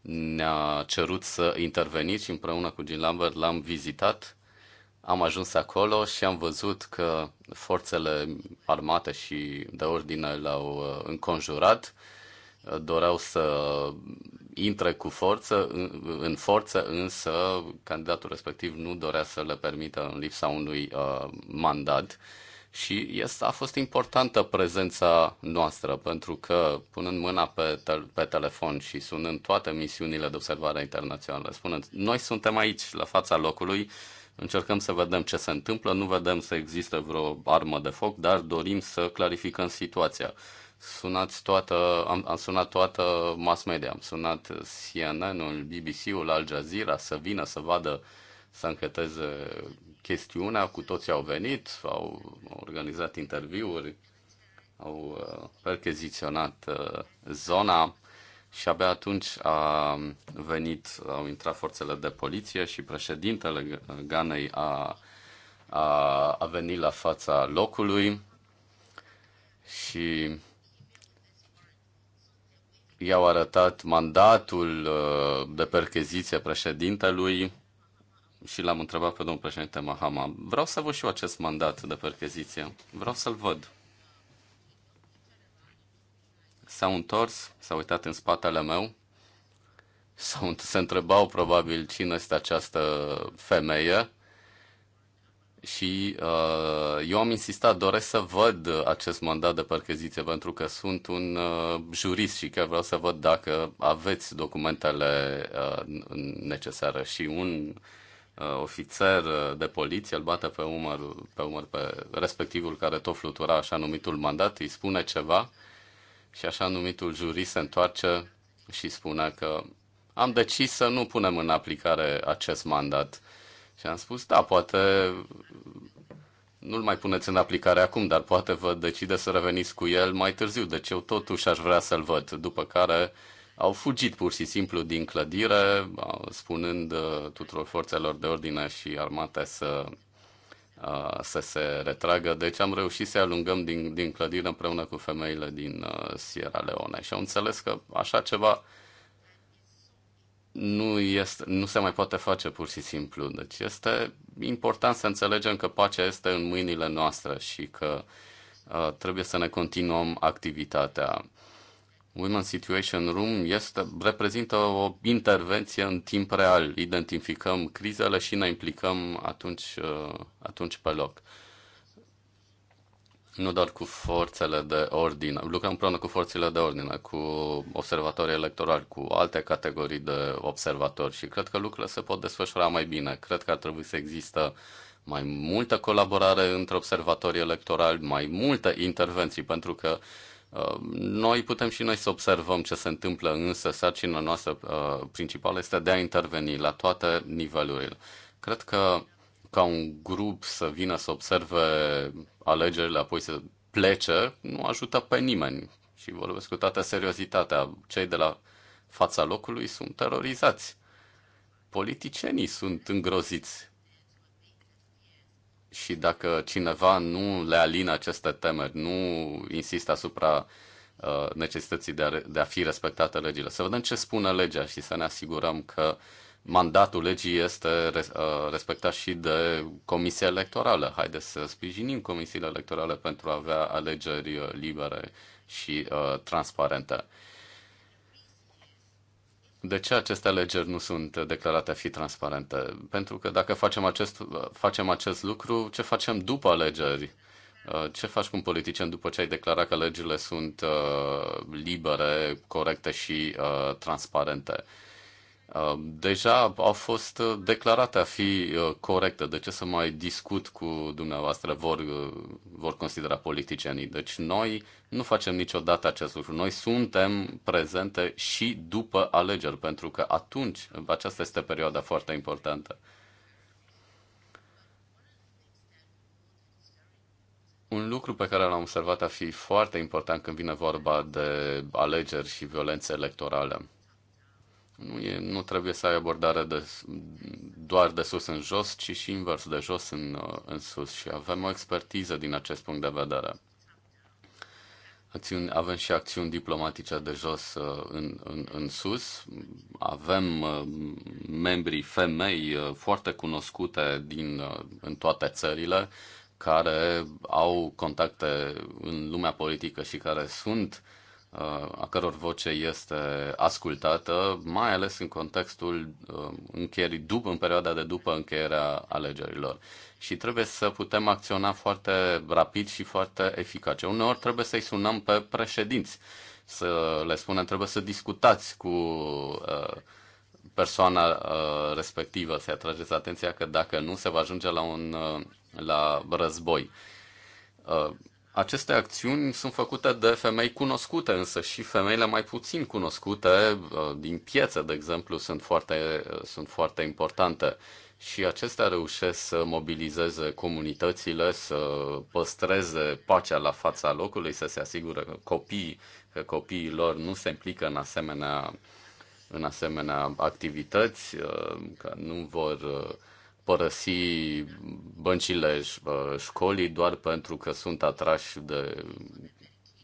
ne-a cerut să interveniți și împreună cu Jean Lambert l-am vizitat am ajuns acolo și am văzut că forțele armate și de ordine l-au uh, înconjurat, uh, doreau să intre cu forță, în, forță, însă candidatul respectiv nu dorea să le permită în lipsa unui uh, mandat. Și este, a fost importantă prezența noastră, pentru că punând mâna pe, te- pe telefon și sunând toate misiunile de observare internațională, spunând, noi suntem aici, la fața locului, uh, Încercăm să vedem ce se întâmplă, nu vedem să există vreo armă de foc, dar dorim să clarificăm situația. Sunați toată, am, am sunat toată mass media, am sunat CNN-ul, BBC-ul, Al Jazeera să vină să vadă, să încheteze chestiunea, cu toți au venit, au, organizat interviuri, au uh, percheziționat uh, zona, și abia atunci a venit, au intrat forțele de poliție și președintele Ganei a, a, a venit la fața locului și i-au arătat mandatul uh, de percheziție președintelui și l-am întrebat pe domnul președinte Mahama, vreau să văd și eu acest mandat de percheziție, vreau să-l văd s-au întors, s-au uitat în spatele meu, sau se întrebau probabil cine este această femeie și uh, eu am insistat, doresc să văd acest mandat de percheziție pentru că sunt un uh, jurist și chiar vreau să văd dacă aveți documentele uh, necesare. Și un uh, ofițer de poliție îl bate pe umăr, pe umăr pe respectivul care tot flutura așa numitul mandat, îi spune ceva și așa numitul juri se întoarce și spune că am decis să nu punem în aplicare acest mandat. Și am spus, da, poate nu-l mai puneți în aplicare acum, dar poate vă decide să reveniți cu el mai târziu, deci eu totuși aș vrea să-l văd. După care au fugit pur și simplu din clădire, spunând uh, tuturor forțelor de ordine și armate să să se retragă, deci am reușit să alungăm din, din clădire împreună cu femeile din Sierra Leone și am înțeles că așa ceva nu, este, nu se mai poate face pur și simplu. Deci este important să înțelegem că pacea este în mâinile noastre și că uh, trebuie să ne continuăm activitatea. Women Situation Room este, reprezintă o intervenție în timp real. Identificăm crizele și ne implicăm atunci, uh, atunci pe loc. Nu doar cu forțele de ordine. Lucrăm împreună cu forțele de ordine, cu observatorii electorali, cu alte categorii de observatori și cred că lucrurile se pot desfășura mai bine. Cred că ar trebui să există mai multă colaborare între observatorii electorali, mai multe intervenții, pentru că uh, noi putem și noi să observăm ce se întâmplă, însă sarcina noastră uh, principală este de a interveni la toate nivelurile. Cred că ca un grup să vină să observe alegerile, apoi să plece, nu ajută pe nimeni. Și vorbesc cu toată seriozitatea. Cei de la fața locului sunt terorizați. Politicienii sunt îngroziți și dacă cineva nu le alină aceste temeri, nu insistă asupra uh, necesității de a, de a fi respectată legile, să vedem ce spune legea și să ne asigurăm că mandatul legii este uh, respectat și de Comisia Electorală. Haideți să sprijinim comisiile electorale pentru a avea alegeri uh, libere și uh, transparente. De ce aceste alegeri nu sunt declarate a fi transparente? Pentru că dacă facem acest, facem acest lucru, ce facem după alegeri? Uh, ce faci cu un politician după ce ai declarat că legile sunt uh, libere, corecte și uh, transparente? deja au fost uh, declarate a fi uh, corectă De ce să mai discut cu dumneavoastră? Vor, uh, vor considera politicienii. Deci noi nu facem niciodată acest lucru. Noi suntem prezente și după alegeri, pentru că atunci, aceasta este perioada foarte importantă. Un lucru pe care l-am observat a fi foarte important când vine vorba de alegeri și violențe electorale nu, e, nu trebuie să ai abordare de, doar de sus în jos, ci și invers, de jos în, uh, în sus. Și avem o expertiză din acest punct de vedere. Acțiuni, avem și acțiuni diplomatice de jos uh, în, în, în sus. Avem uh, membrii femei foarte cunoscute din, în toate țările care au contacte în lumea politică și care sunt uh, a căror voce este ascultată, mai ales în contextul um, încheierii după, în perioada de după încheierea alegerilor. Și trebuie să putem acționa foarte rapid și foarte eficace. Uneori trebuie să-i sunăm pe președinți, să le spunem trebuie să discutați cu uh, persoana uh, respectivă, să-i atrageți atenția că dacă nu se va ajunge la un uh, la război aceste acțiuni sunt făcute de femei cunoscute, însă și femeile mai puțin cunoscute uh, din piețe, de exemplu, sunt foarte, uh, sunt foarte importante. Și acestea reușesc să mobilizeze comunitățile, să păstreze pacea la fața locului, să se asigure că copiii, că copiii lor nu se implică în asemenea, în asemenea activități, uh, că nu vor părăsi băncile uh, școlii doar pentru că sunt atrași de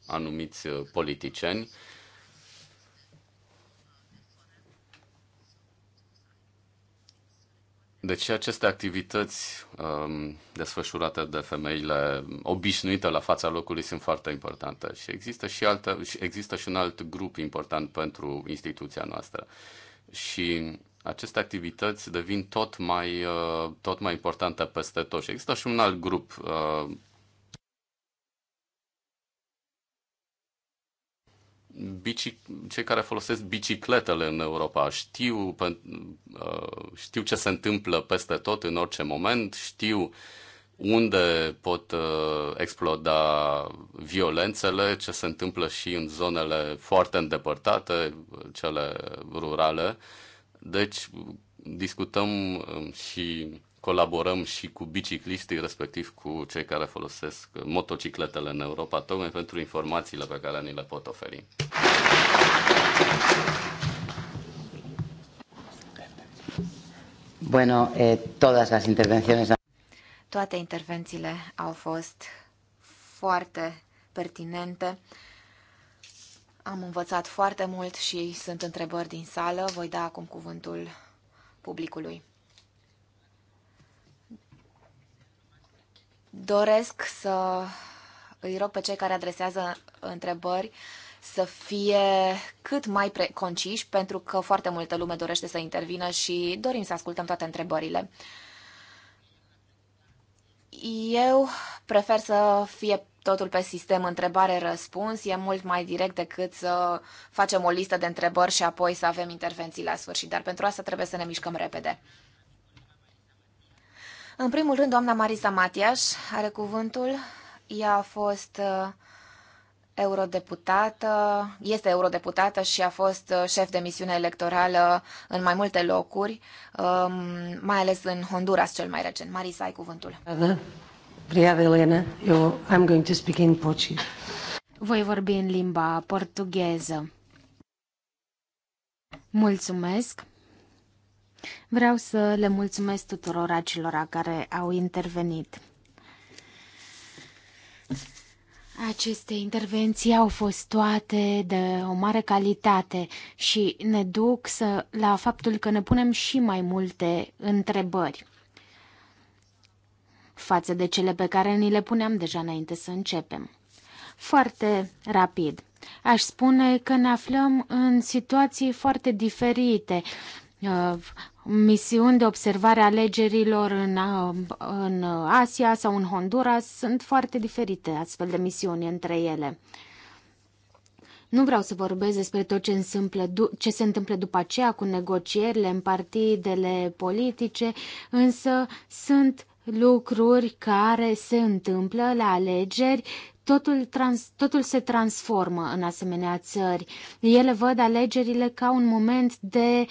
anumiți uh, politicieni. Deci aceste activități um, desfășurate de femeile obișnuite la fața locului sunt foarte importante și există și, altă, există și un alt grup important pentru instituția noastră. Și aceste activități devin tot mai, uh, tot mai importante peste tot. Și există și un alt grup uh, cei care folosesc bicicletele în Europa știu, uh, știu ce se întâmplă peste tot, în orice moment, știu unde pot exploda violențele, ce se întâmplă și în zonele foarte îndepărtate, cele rurale. Deci discutăm um, și colaborăm și cu bicicliștii, respectiv cu cei care folosesc motocicletele în Europa, tocmai pentru informațiile pe care ni le pot oferi. Bueno, eh, todas las intervenciones... Toate intervențiile au fost foarte pertinente. Am învățat foarte mult și sunt întrebări din sală. Voi da acum cuvântul publicului. Doresc să îi rog pe cei care adresează întrebări să fie cât mai conciși, pentru că foarte multă lume dorește să intervină și dorim să ascultăm toate întrebările. Eu prefer să fie totul pe sistem întrebare-răspuns, e mult mai direct decât să facem o listă de întrebări și apoi să avem intervenții la sfârșit, dar pentru asta trebuie să ne mișcăm repede. În primul rând, doamna Marisa Matiaș are cuvântul. Ea a fost uh, eurodeputată, este eurodeputată și a fost uh, șef de misiune electorală în mai multe locuri, um, mai ales în Honduras cel mai recent. Marisa, ai cuvântul. Ana. Obrigada, Helena. Eu, I'm going to speak in Portuguese. Voi vorbi în limba portugheză. Mulțumesc! Vreau să le mulțumesc tuturor acelora care au intervenit. Aceste intervenții au fost toate de o mare calitate și ne duc să, la faptul că ne punem și mai multe întrebări față de cele pe care ni le puneam deja înainte să începem. Foarte rapid. Aș spune că ne aflăm în situații foarte diferite uh, misiuni de observare a alegerilor în, uh, în Asia sau în Honduras sunt foarte diferite astfel de misiuni între ele. Nu vreau să vorbesc despre tot ce, însâmplă, ce se întâmplă după aceea cu negocierile în partidele politice, însă sunt lucruri care se întâmplă la alegeri, totul, trans, totul se transformă în asemenea țări. Ele văd alegerile ca un moment de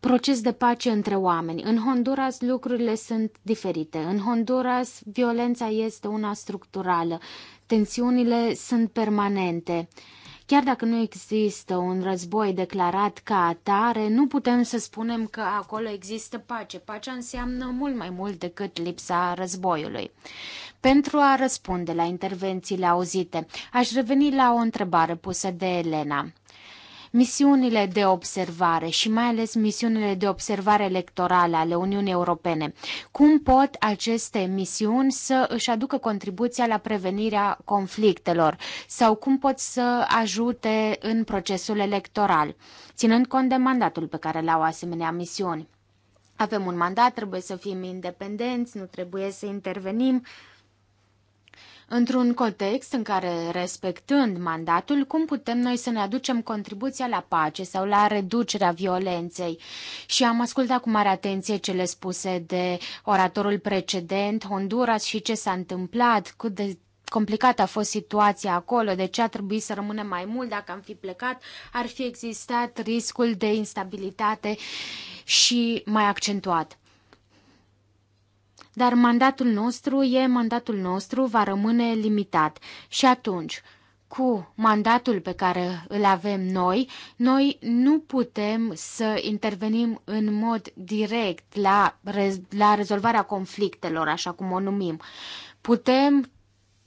proces de pace între oameni. În Honduras lucrurile sunt diferite. În Honduras violența este una structurală. Tensiunile sunt permanente. Uh, Chiar dacă nu există un război declarat ca atare, nu putem să spunem că acolo există pace. Pacea înseamnă mult mai mult decât lipsa războiului. Pentru a răspunde la intervențiile auzite, aș reveni la o întrebare pusă de Elena misiunile de observare și mai ales misiunile de observare electorale ale Uniunii Europene. Cum pot aceste misiuni să își aducă contribuția la prevenirea conflictelor sau cum pot să ajute în procesul electoral, ținând cont de mandatul pe care l-au asemenea misiuni? Avem un mandat, trebuie să fim independenți, nu trebuie să intervenim într-un context în care, respectând mandatul, cum putem noi să ne aducem contribuția la pace sau la reducerea violenței. Și am ascultat cu mare atenție cele spuse de oratorul precedent, Honduras și ce s-a întâmplat, cât de complicată a fost situația acolo, de ce a trebuit să rămânem mai mult dacă am fi plecat, ar fi existat riscul de instabilitate și mai accentuat. Dar mandatul nostru e mandatul nostru, va rămâne limitat. Și atunci, cu mandatul pe care îl avem noi, noi nu putem să intervenim în mod direct la, rez- la rezolvarea conflictelor, așa cum o numim. Putem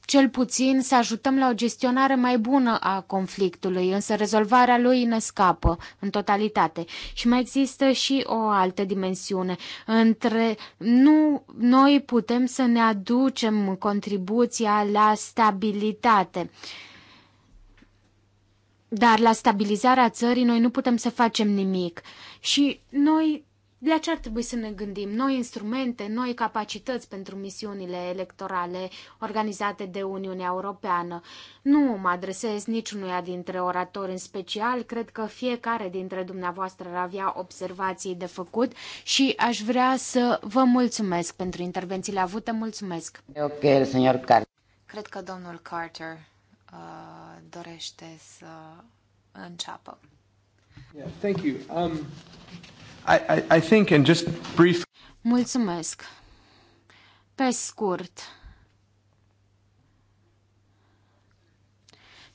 cel puțin să ajutăm la o gestionare mai bună a conflictului, însă rezolvarea lui ne scapă în totalitate. Și mai există și o altă dimensiune. Între nu noi putem să ne aducem contribuția la stabilitate. Dar la stabilizarea țării noi nu putem să facem nimic. Și noi la ce ar trebui să ne gândim? Noi instrumente, noi capacități pentru misiunile electorale organizate de Uniunea Europeană. Nu mă adresez niciunuia dintre oratori în special, cred că fiecare dintre dumneavoastră ar avea observații de făcut și aș vrea să vă mulțumesc pentru intervențiile avute. Mulțumesc! Ok, senior Carter. Cred că domnul Carter uh, dorește să înceapă. Yeah, thank you. Um... I, think, and just brief... Mulțumesc. Pe scurt,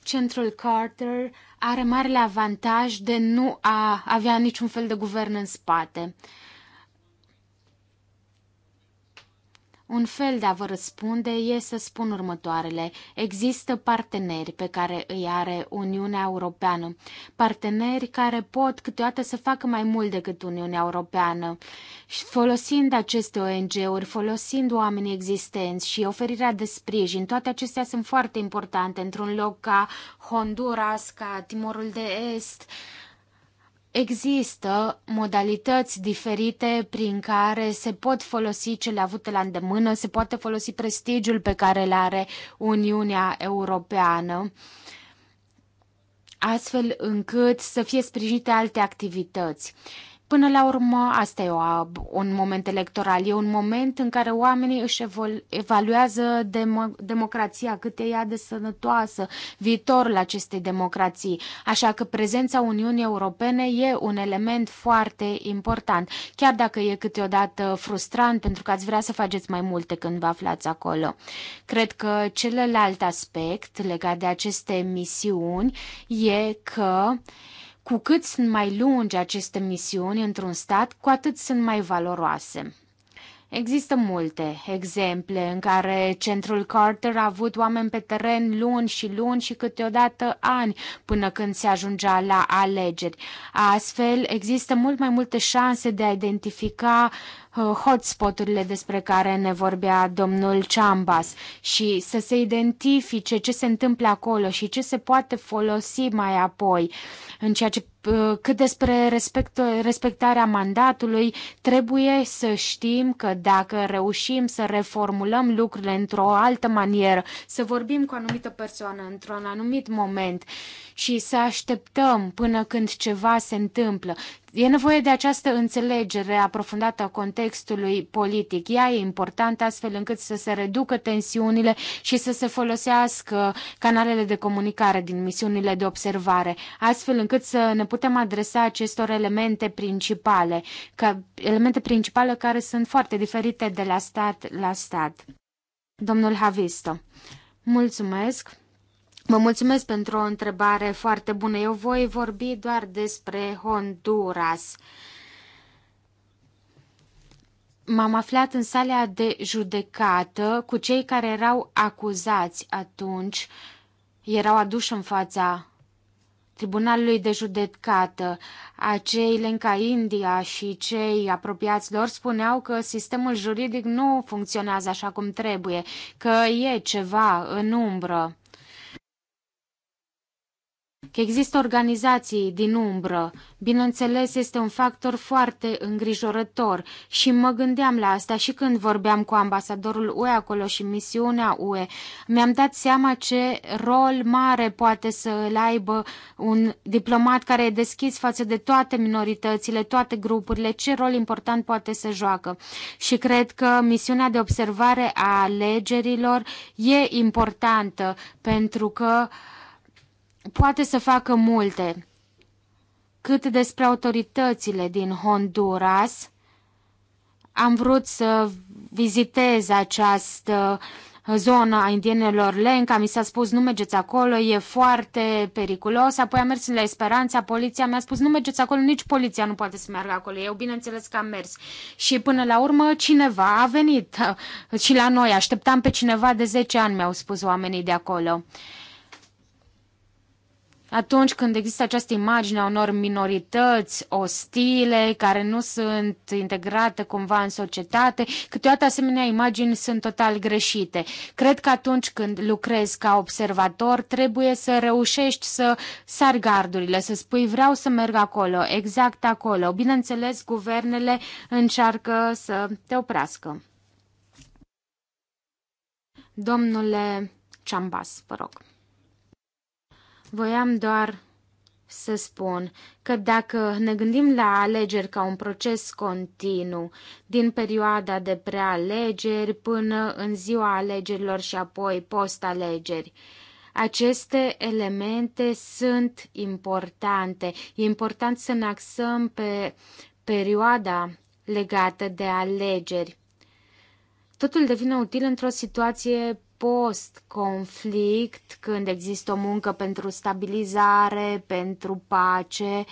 centrul Carter are marele avantaj de nu a avea niciun fel de guvern în spate. Uh, Un fel de a vă răspunde e să spun următoarele. Există parteneri pe care îi are Uniunea Europeană, parteneri care pot câteodată să facă mai mult decât Uniunea Europeană. Și folosind aceste ONG-uri, folosind oamenii existenți și oferirea de sprijin, toate acestea sunt foarte importante într-un loc ca Honduras, ca Timorul de Est, uh, Există modalități diferite prin care se pot folosi cele avute la îndemână, se poate folosi prestigiul pe care îl are Uniunea Europeană, astfel încât să fie sprijinite alte activități. Până la urmă, asta e o, un moment electoral, e un moment în care oamenii își evaluează demo, democrația, cât e ea de sănătoasă, viitorul acestei democrații. Așa că prezența Uniunii Europene e un element foarte important, chiar dacă e câteodată frustrant pentru că ați vrea să faceți mai multe când vă aflați acolo. Cred că celălalt aspect legat de aceste misiuni e că uh, cu cât sunt mai lungi aceste misiuni într-un stat, cu atât sunt mai valoroase. Există multe exemple în care centrul Carter a avut oameni pe teren luni și luni și câteodată ani până când se ajungea la alegeri. Astfel, există mult mai multe șanse de a identifica Uh, hotspoturile despre care ne vorbea domnul Ciambas și să se identifice ce se întâmplă acolo și ce se poate folosi mai apoi în ceea ce uh, cât despre respect, respectarea mandatului, trebuie să știm că dacă reușim să reformulăm lucrurile într-o altă manieră, să vorbim cu o anumită persoană într-un anumit moment și să așteptăm până când ceva se întâmplă, E nevoie de această înțelegere aprofundată a contextului politic. Ea e importantă astfel încât să se reducă tensiunile și să se folosească canalele de comunicare din misiunile de observare, astfel încât să ne putem adresa acestor elemente principale, ca, elemente principale care sunt foarte diferite de la stat la stat. Domnul Havisto, mulțumesc! Vă mulțumesc pentru o întrebare foarte bună. Eu voi vorbi doar despre Honduras. M-am aflat în sala de judecată cu cei care erau acuzați atunci, erau aduși în fața Tribunalului de Judecată. Acei Lenca India și cei apropiați lor spuneau că sistemul juridic nu funcționează așa cum trebuie, că e ceva în umbră că există organizații din umbră, bineînțeles este un factor foarte îngrijorător și mă gândeam la asta și când vorbeam cu ambasadorul UE acolo și misiunea UE, mi-am dat seama ce rol mare poate să îl aibă un diplomat care e deschis față de toate minoritățile, toate grupurile, ce rol important poate să joacă. Și cred că misiunea de observare a alegerilor e importantă pentru că uh, poate să facă multe. Cât despre autoritățile din Honduras, am vrut să vizitez această zonă a indienelor Lenca, mi s-a spus nu mergeți acolo, e foarte periculos, apoi am mers la Esperanța, poliția mi-a spus nu mergeți acolo, nici poliția nu poate să meargă acolo, eu bineînțeles că am mers și până la urmă cineva a venit și la noi, așteptam pe cineva de 10 ani, mi-au spus oamenii de acolo. Uh, atunci când există această imagine a unor minorități ostile care nu sunt integrate cumva în societate, câteodată asemenea imagini sunt total greșite. Cred că atunci când lucrezi ca observator trebuie să reușești să sari gardurile, să spui vreau să merg acolo, exact acolo. Bineînțeles, guvernele încearcă să te oprească. Domnule Ciambas, vă rog. Voiam doar să spun că dacă ne gândim la alegeri ca un proces continuu, din perioada de prealegeri până în ziua alegerilor și apoi post-alegeri, aceste elemente sunt importante. E important să ne axăm pe perioada legată de alegeri. Totul devine util într-o situație post-conflict, când există o muncă pentru stabilizare, pentru pace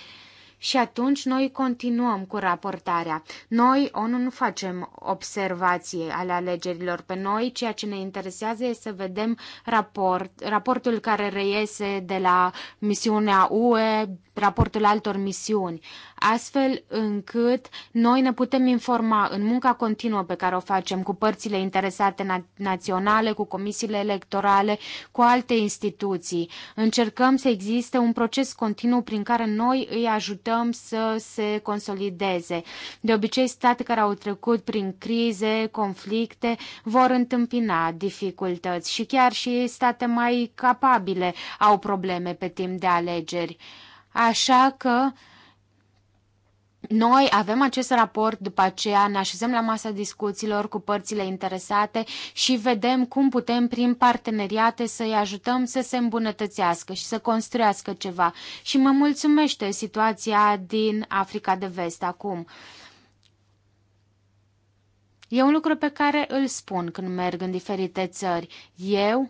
și atunci noi continuăm cu raportarea. Noi, ONU, nu facem observații ale alegerilor pe noi, ceea ce ne interesează este să vedem raport, raportul care reiese de la misiunea UE, raportul altor misiuni, astfel încât noi ne putem informa în munca continuă pe care o facem cu părțile interesate na- naționale, cu comisiile electorale, cu alte instituții. Încercăm să existe un proces continuu prin care noi îi ajutăm invităm să se consolideze. De obicei, state care au trecut prin crize, conflicte, vor întâmpina dificultăți și chiar și state mai capabile au probleme pe timp de alegeri. Așa că noi avem acest raport, după aceea ne așezăm la masa discuțiilor cu părțile interesate și vedem cum putem prin parteneriate să-i ajutăm să se îmbunătățească și să construiască ceva. Și mă mulțumește situația din Africa de Vest acum. E un lucru pe care îl spun când merg în diferite țări. Eu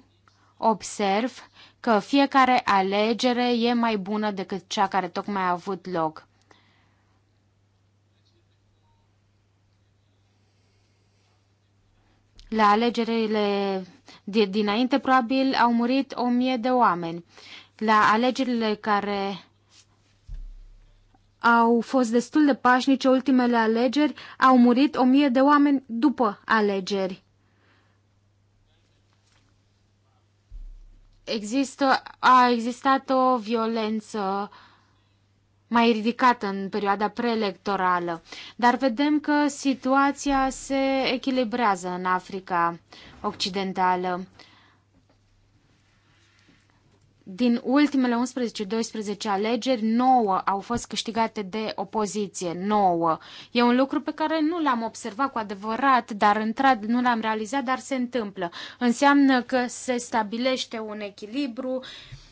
observ că fiecare alegere e mai bună decât cea care tocmai a avut loc. La alegerile dinainte, probabil, au murit o mie de oameni. La alegerile care au fost destul de pașnice ultimele alegeri, au murit o mie de oameni după alegeri. Există, a existat o violență uh, mai ridicată în perioada preelectorală, dar vedem că situația se echilibrează în Africa Occidentală. Din ultimele 11-12 alegeri, 9 au fost câștigate de opoziție, 9. E un lucru pe care nu l-am observat cu adevărat, dar intrat nu l-am realizat, dar se întâmplă. Înseamnă că se stabilește un echilibru, uh,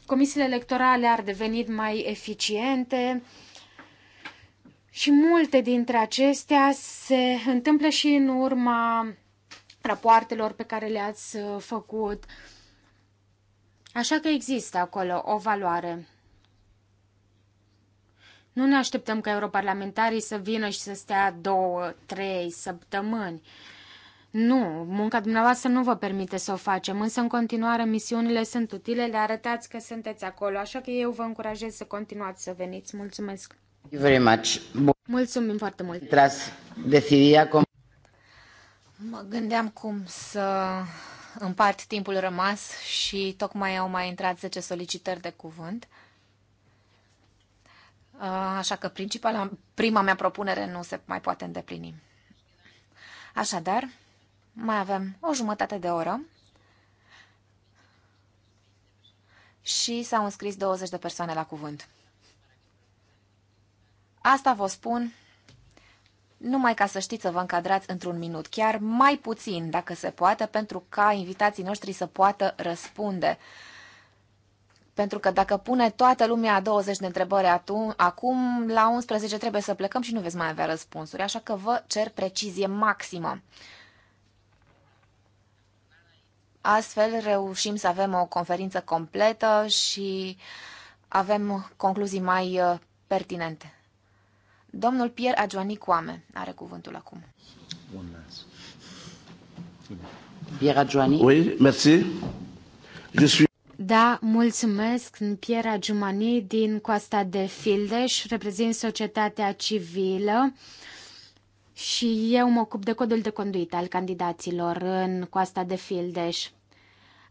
comisiile electorale ar deveni mai eficiente și multe dintre acestea se întâmplă și în urma rapoartelor pe care le-ați uh, făcut. Așa că există acolo o valoare. Nu ne așteptăm ca europarlamentarii să vină și să stea două, trei săptămâni. Nu, munca dumneavoastră nu vă permite să o facem, însă în continuare misiunile sunt utile, le arătați că sunteți acolo, așa că eu vă încurajez să continuați să veniți. Mulțumesc! Very much. Mulțumim foarte mult! Tras, decidia cum... Mă gândeam cum să împart timpul rămas și tocmai au mai intrat 10 solicitări de cuvânt. Uh, așa că principala, prima mea propunere nu se mai poate îndeplini. Așadar, mai avem o jumătate de oră și s-au înscris 20 de persoane la cuvânt. Asta vă spun numai ca să știți să vă încadrați într-un minut, chiar mai puțin, dacă se poate, pentru ca invitații noștri să poată răspunde. Pentru că dacă pune toată lumea 20 de întrebări acum, la 11 trebuie să plecăm și nu veți mai avea răspunsuri, așa că vă cer precizie maximă. Astfel reușim să avem o conferință completă și avem concluzii mai uh, pertinente. Domnul Pierre Adjoani Coame are cuvântul acum. Pierre Adjoani? Oui, merci. Je suis... Da, mulțumesc. Pierre Adjumani din Coasta de Fildeș, reprezint societatea civilă și eu mă ocup de codul de conduită al candidaților în coasta de Fildeș.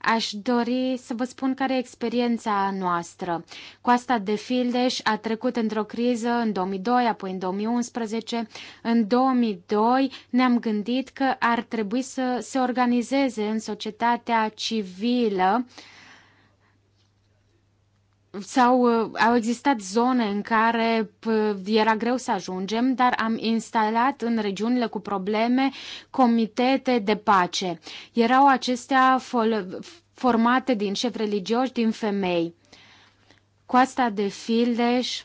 Aș dori să vă spun care e experiența noastră. Coasta de Fildeș a trecut într-o criză în 2002, apoi în 2011. În 2002 ne-am gândit că ar trebui să se organizeze în societatea civilă uh, sau uh, au existat zone în care uh, era greu să ajungem, dar am instalat în regiunile cu probleme comitete de pace. Erau acestea formate din șef religioși, din femei. Coasta de Fildeș,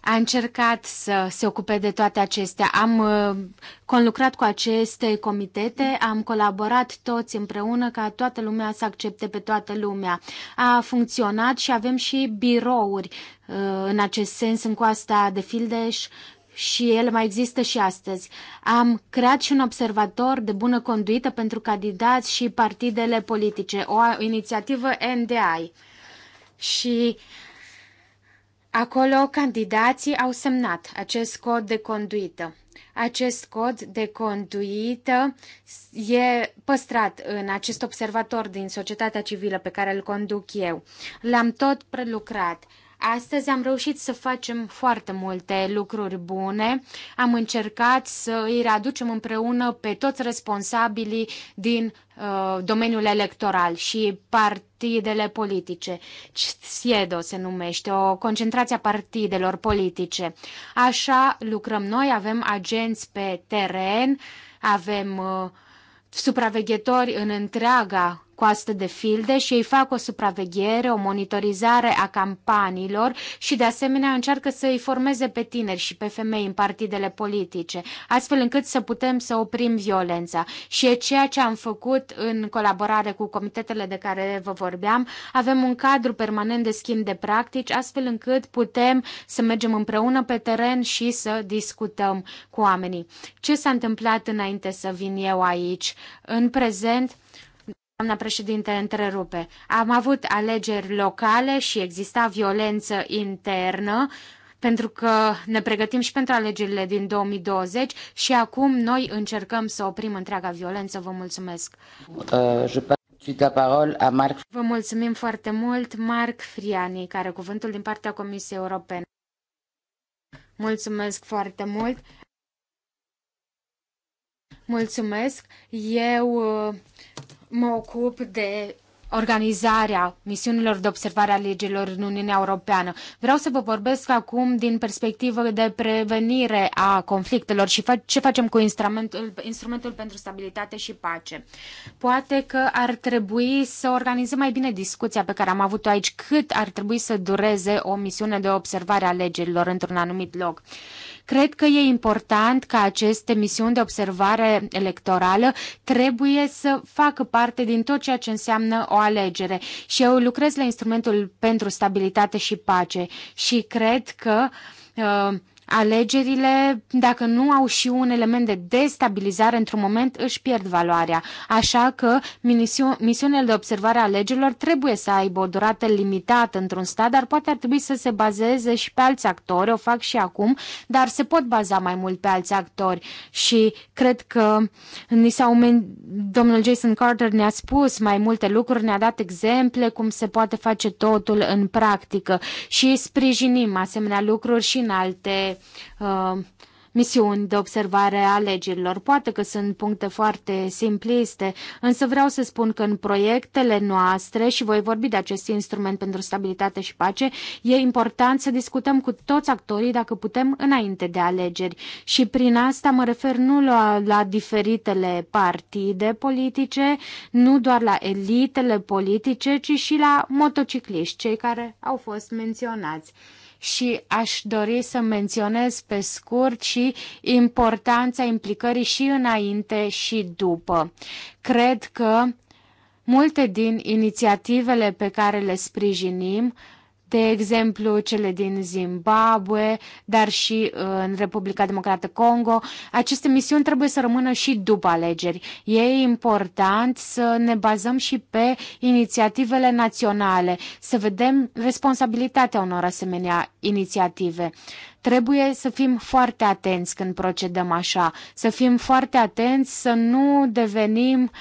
a încercat să se ocupe de toate acestea. Am uh, conlucrat cu aceste comitete, am colaborat toți împreună ca toată lumea să accepte pe toată lumea. A funcționat și avem și birouri uh, în acest sens în coasta de Fildeș și el mai există și astăzi. Am creat și un observator de bună conduită pentru candidați și partidele politice, o inițiativă NDI. Și uh, Acolo candidații au semnat acest cod de conduită. Acest cod de conduită e păstrat în acest observator din societatea civilă pe care îl conduc eu. L-am tot prelucrat. Astăzi am reușit să facem foarte multe lucruri bune. Am încercat să îi readucem împreună pe toți responsabilii din uh, domeniul electoral și partidele politice. SIEDO se numește, o concentrație a partidelor politice. Așa lucrăm noi, avem agenți pe teren, avem uh, supraveghetori în întreaga coastă de filde și îi fac o supraveghere, o monitorizare a campaniilor și de asemenea încearcă să îi formeze pe tineri și pe femei în partidele politice, astfel încât să putem să oprim violența. Și e ceea ce am făcut în colaborare cu comitetele de care vă vorbeam. Avem un cadru permanent de schimb de practici, astfel încât putem să mergem împreună pe teren și să discutăm cu oamenii. Ce s-a întâmplat înainte să vin eu aici? În prezent, Doamna președinte, întrerupe. Am avut alegeri locale și exista violență internă pentru că ne pregătim și pentru alegerile din 2020 și acum noi încercăm să oprim întreaga violență. Vă mulțumesc. Uh, Vă mulțumim foarte mult, Marc Friani, care cuvântul din partea Comisiei Europene. Mulțumesc foarte mult. Mulțumesc. Eu uh, mă ocup de organizarea misiunilor de observare a legilor în Uniunea Europeană. Vreau să vă vorbesc acum din perspectivă de prevenire a conflictelor și ce facem cu instrumentul, instrumentul pentru stabilitate și pace. Poate că ar trebui să organizăm mai bine discuția pe care am avut-o aici, cât ar trebui să dureze o misiune de observare a legilor într-un anumit loc. Cred că e important ca aceste misiuni de observare electorală trebuie să facă parte din tot ceea ce înseamnă o alegere. Și eu lucrez la instrumentul pentru stabilitate și pace și cred că uh, Alegerile, dacă nu au și un element de destabilizare într-un moment, își pierd valoarea. Așa că misiunile de observare a alegerilor trebuie să aibă o durată limitată într-un stat, dar poate ar trebui să se bazeze și pe alți actori, o fac și acum, dar se pot baza mai mult pe alți actori și cred că ni s-au domnul Jason Carter ne-a spus mai multe lucruri, ne-a dat exemple cum se poate face totul în practică și sprijinim asemenea lucruri și în alte uh, misiuni de observare a legilor. Poate că sunt puncte foarte simpliste, însă vreau să spun că în proiectele noastre, și voi vorbi de acest instrument pentru stabilitate și pace, e important să discutăm cu toți actorii dacă putem înainte de alegeri. Și prin asta mă refer nu la, la diferitele partide politice, nu doar la elitele politice, ci și la motocicliști, cei care au fost menționați și aș dori să menționez pe scurt și importanța implicării și înainte și după. Cred că multe din inițiativele pe care le sprijinim de exemplu cele din Zimbabwe, dar și uh, în Republica Democrată Congo. Aceste misiuni trebuie să rămână și după alegeri. E important să ne bazăm și pe inițiativele naționale, să vedem responsabilitatea unor asemenea inițiative. Trebuie să fim foarte atenți când procedăm așa, să fim foarte atenți să nu devenim uh,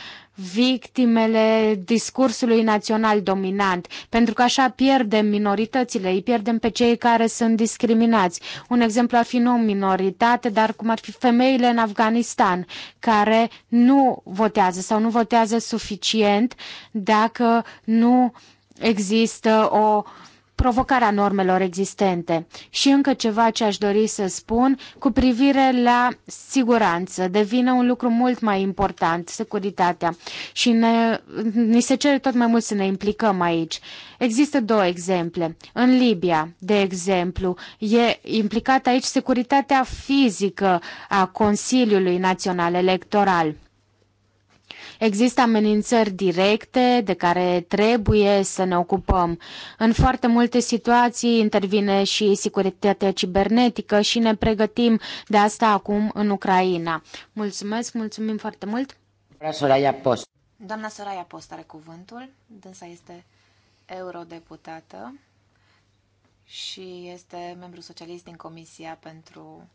victimele discursului național dominant, pentru că așa pierdem minoritățile, îi pierdem pe cei care sunt discriminați. Un exemplu ar fi nu minoritate, dar cum ar fi femeile în Afganistan, care nu votează sau nu votează suficient dacă nu există o uh, provocarea normelor existente. Și încă ceva ce aș dori să spun cu privire la siguranță. Devine un lucru mult mai important, securitatea. Și ne, ni se cere tot mai mult să ne implicăm aici. Există două exemple. În Libia, de exemplu, e implicată aici securitatea fizică a Consiliului Național Electoral. Există amenințări directe de care trebuie să ne ocupăm. În foarte multe situații intervine și securitatea cibernetică și ne pregătim de asta acum în Ucraina. Mulțumesc, mulțumim foarte mult! Soraya Post. Doamna Soraya Post are cuvântul, dânsa este eurodeputată și este membru socialist din Comisia pentru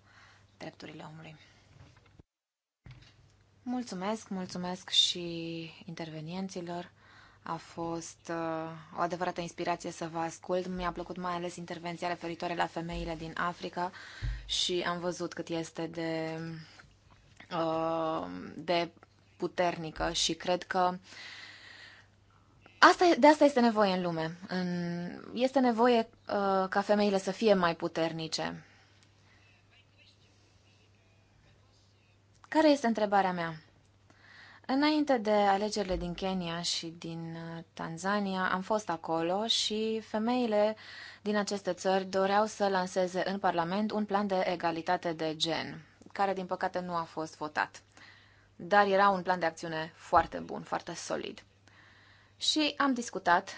Drepturile Omului. Mulțumesc, mulțumesc și intervenienților. A fost uh, o adevărată inspirație să vă ascult. Mi-a plăcut mai ales intervenția referitoare la femeile din Africa și am văzut cât este de, uh, de puternică și cred că asta, de asta este nevoie în lume. În, este nevoie uh, ca femeile să fie mai puternice Care este întrebarea mea? Înainte de alegerile din Kenya și din uh, Tanzania, am fost acolo și femeile din aceste țări doreau să lanseze în Parlament un plan de egalitate de gen, care din păcate nu a fost votat. Dar era un plan de acțiune foarte bun, foarte solid. Și am discutat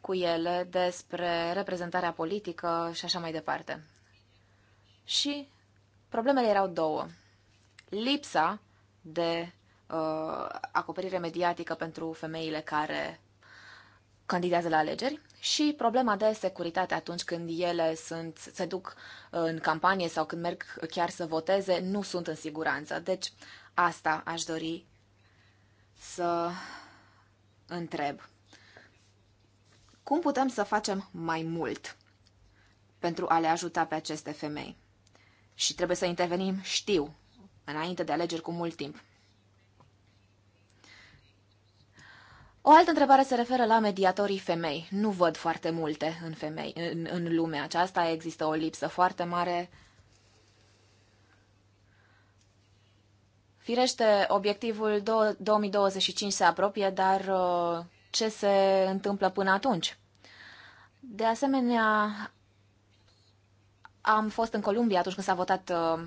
cu ele despre reprezentarea politică și așa mai departe. Și problemele erau două lipsa de uh, acoperire mediatică pentru femeile care candidează la alegeri și problema de securitate atunci când ele sunt, se duc uh, în campanie sau când merg chiar să voteze, nu sunt în siguranță. Deci asta aș dori să întreb. Cum putem să facem mai mult pentru a le ajuta pe aceste femei? Și trebuie să intervenim, știu, înainte de alegeri cu mult timp. O altă întrebare se referă la mediatorii femei. Nu văd foarte multe în, femei, în, în lumea aceasta, există o lipsă foarte mare. Firește, obiectivul 2025 se apropie, dar uh, ce se întâmplă până atunci? De asemenea, am fost în Columbia atunci când s-a votat uh,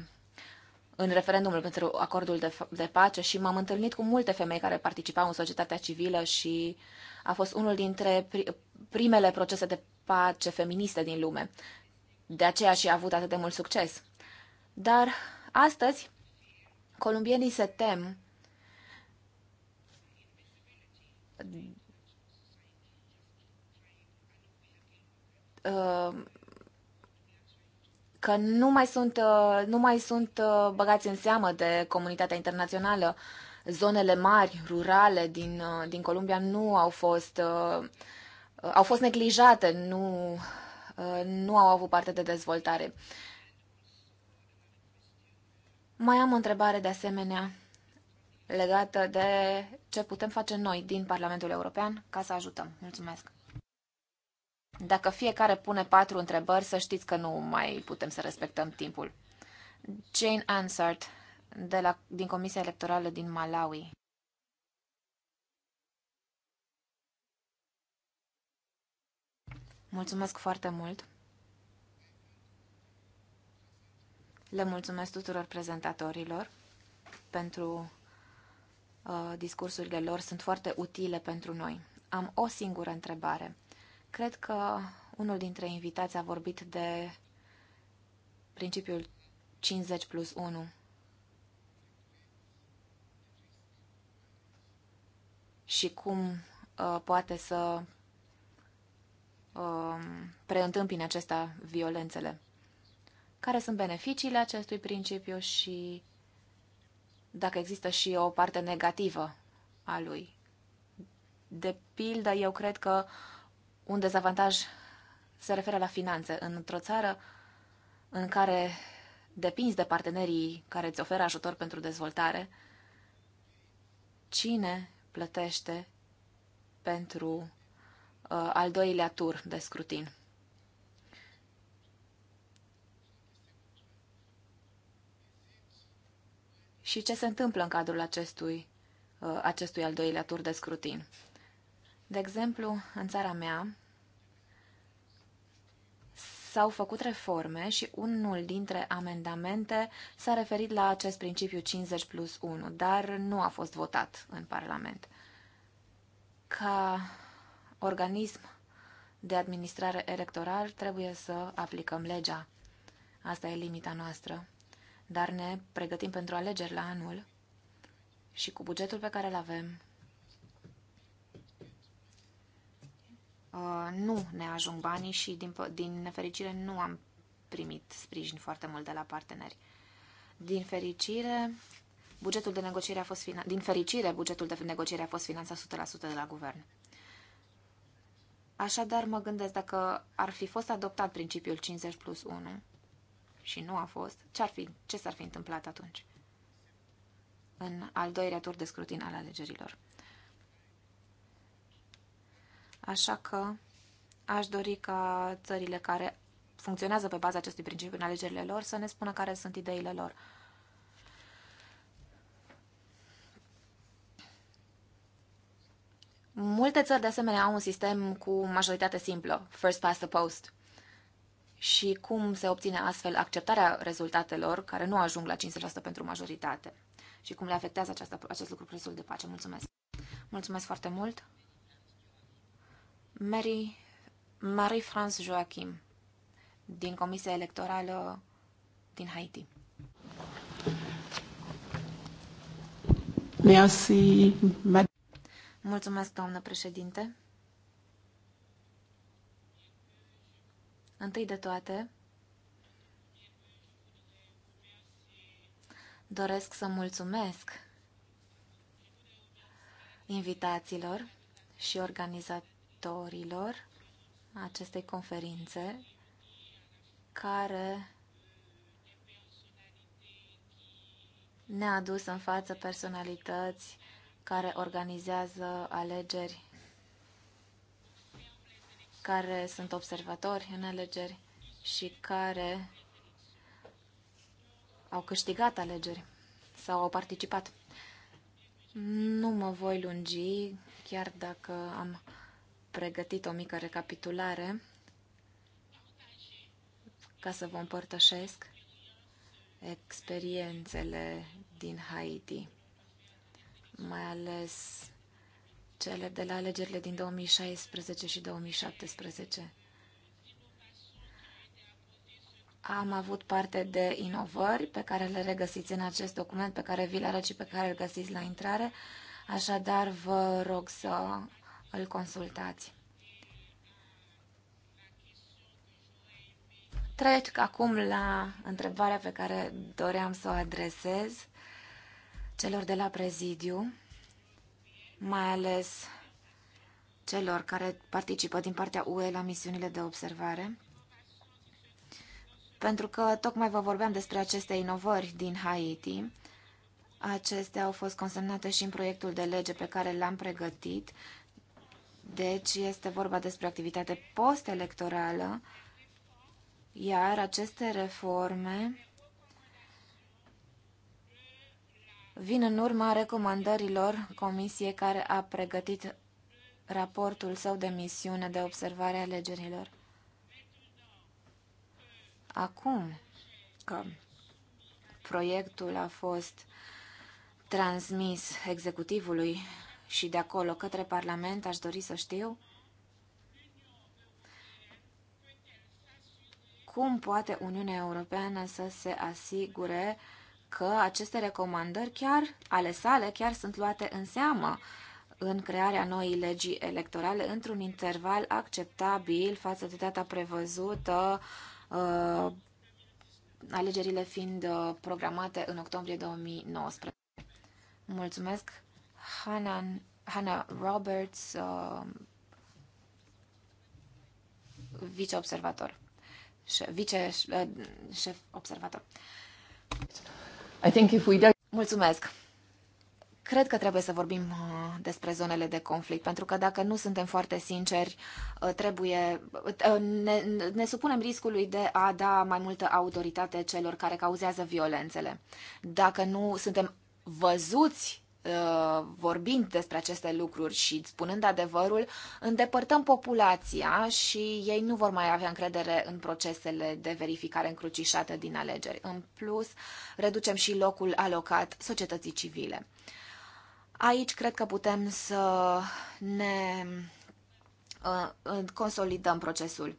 în referendumul pentru acordul de, de pace și m-am întâlnit cu multe femei care participau în societatea civilă și a fost unul dintre primele procese de pace feministe din lume. De aceea și a avut atât de mult succes. Dar astăzi, columbienii se tem uh, că nu mai sunt, uh, nu mai sunt uh, băgați în seamă de comunitatea internațională. Zonele mari, rurale din, uh, din Columbia nu au fost, au fost neglijate, nu, nu au avut parte de dezvoltare. Mai am o întrebare de asemenea legată de ce putem face noi din Parlamentul European ca să ajutăm. Mulțumesc! Dacă fiecare pune patru întrebări, să știți că nu mai putem să respectăm timpul. Jane Ansart, de la, din Comisia Electorală din Malawi. Mulțumesc foarte mult! Le mulțumesc tuturor prezentatorilor pentru uh, discursurile lor, sunt foarte utile pentru noi. Am o singură întrebare. Cred că unul dintre invitați a vorbit de principiul 50 plus 1. Și cum uh, poate să uh, preîntâmpine acestea violențele. Care sunt beneficiile acestui principiu și dacă există și o parte negativă a lui. De pildă, eu cred că uh, un dezavantaj se referă la finanțe. Într-o țară în care depinzi de partenerii care îți oferă ajutor pentru dezvoltare, cine plătește pentru uh, al doilea tur de scrutin? Și ce se întâmplă în cadrul acestui, uh, acestui al doilea tur de scrutin? De exemplu, în țara mea s-au făcut reforme și unul dintre amendamente s-a referit la acest principiu 50 plus 1, dar nu a fost votat în Parlament. Ca organism de administrare electoral trebuie să aplicăm legea. Asta e limita noastră. Dar ne pregătim pentru alegeri la anul și cu bugetul pe care îl avem, Uh, nu ne ajung banii și, din, din nefericire, nu am primit sprijin foarte mult de la parteneri. Din fericire, bugetul de negociere a fost din fericire, bugetul de negociere a fost finanțat 100% de la guvern. Așadar, mă gândesc dacă ar fi fost adoptat principiul 50 plus 1 și nu a fost, ce-ar fi, ce s-ar fi întâmplat atunci? În al doilea tur de scrutin al alegerilor. Așa că aș dori ca țările care funcționează pe baza acestui principiu în alegerile lor să ne spună care sunt ideile lor. Multe țări, de asemenea, au un sistem cu majoritate simplă, first past the post. Și cum se obține astfel acceptarea rezultatelor care nu ajung la 50% pentru majoritate? Și cum le afectează această, acest lucru procesul de pace? Mulțumesc! Mulțumesc foarte mult! Mary, Marie-France Joachim, din Comisia Electorală din Haiti. Merci, Mulțumesc, doamnă președinte. Întâi de toate, doresc să mulțumesc invitațiilor și organizatorilor organizatorilor acestei conferințe care ne-a dus în față personalități care organizează alegeri, care sunt observatori în alegeri și care au câștigat alegeri sau au participat. Nu mă voi lungi, chiar dacă am pregătit o mică recapitulare ca să vă împărtășesc experiențele din Haiti, mai ales cele de la alegerile din 2016 și 2017. Am avut parte de inovări pe care le regăsiți în acest document pe care vi l arăt și pe care îl găsiți la intrare. Așadar, vă rog să îl consultați. Trec acum la întrebarea pe care doream să o adresez celor de la prezidiu, mai ales celor care participă din partea UE la misiunile de observare, pentru că tocmai vă vorbeam despre aceste inovări din Haiti. Acestea au fost consemnate și în proiectul de lege pe care l-am pregătit deci este vorba despre activitate postelectorală, iar aceste reforme vin în urma recomandărilor comisiei care a pregătit raportul său de misiune de observare a alegerilor. Acum că proiectul a fost transmis executivului și de acolo către Parlament, aș dori să știu cum poate Uniunea Europeană să se asigure că aceste recomandări chiar ale sale chiar sunt luate în seamă în crearea noii legii electorale într-un interval acceptabil față de data prevăzută, uh, alegerile fiind uh, programate în octombrie 2019. Mulțumesc! Hannah, Hannah Roberts, uh, observator, vice uh, șef observator. I think if we Mulțumesc. Cred că trebuie să vorbim uh, despre zonele de conflict, pentru că dacă nu suntem foarte sinceri, uh, trebuie, ne, ne supunem riscului de a da mai multă autoritate celor care cauzează violențele. Dacă nu suntem văzuți Uh, vorbind despre aceste lucruri și spunând adevărul, îndepărtăm populația și ei nu vor mai avea încredere în procesele de verificare încrucișată din alegeri. În plus, reducem și locul alocat societății civile. Aici cred că putem să ne uh, consolidăm procesul.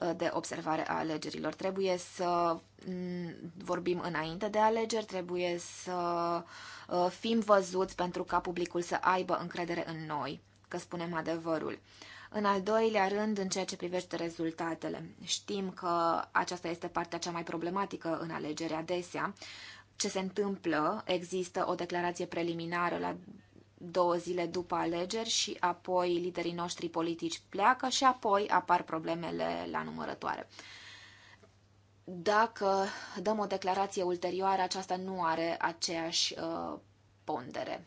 Uh, de observare a alegerilor. Trebuie să mm, vorbim înainte de alegeri, trebuie să uh, fim văzuți pentru ca publicul să aibă încredere în noi, că spunem adevărul. În al doilea rând, în ceea ce privește rezultatele, știm că aceasta este partea cea mai problematică în alegeri adesea. Ce se întâmplă? Există o declarație preliminară la două zile după alegeri și apoi liderii noștri politici pleacă și apoi apar problemele la numărătoare. Dacă dăm o declarație ulterioară, aceasta nu are aceeași uh, pondere.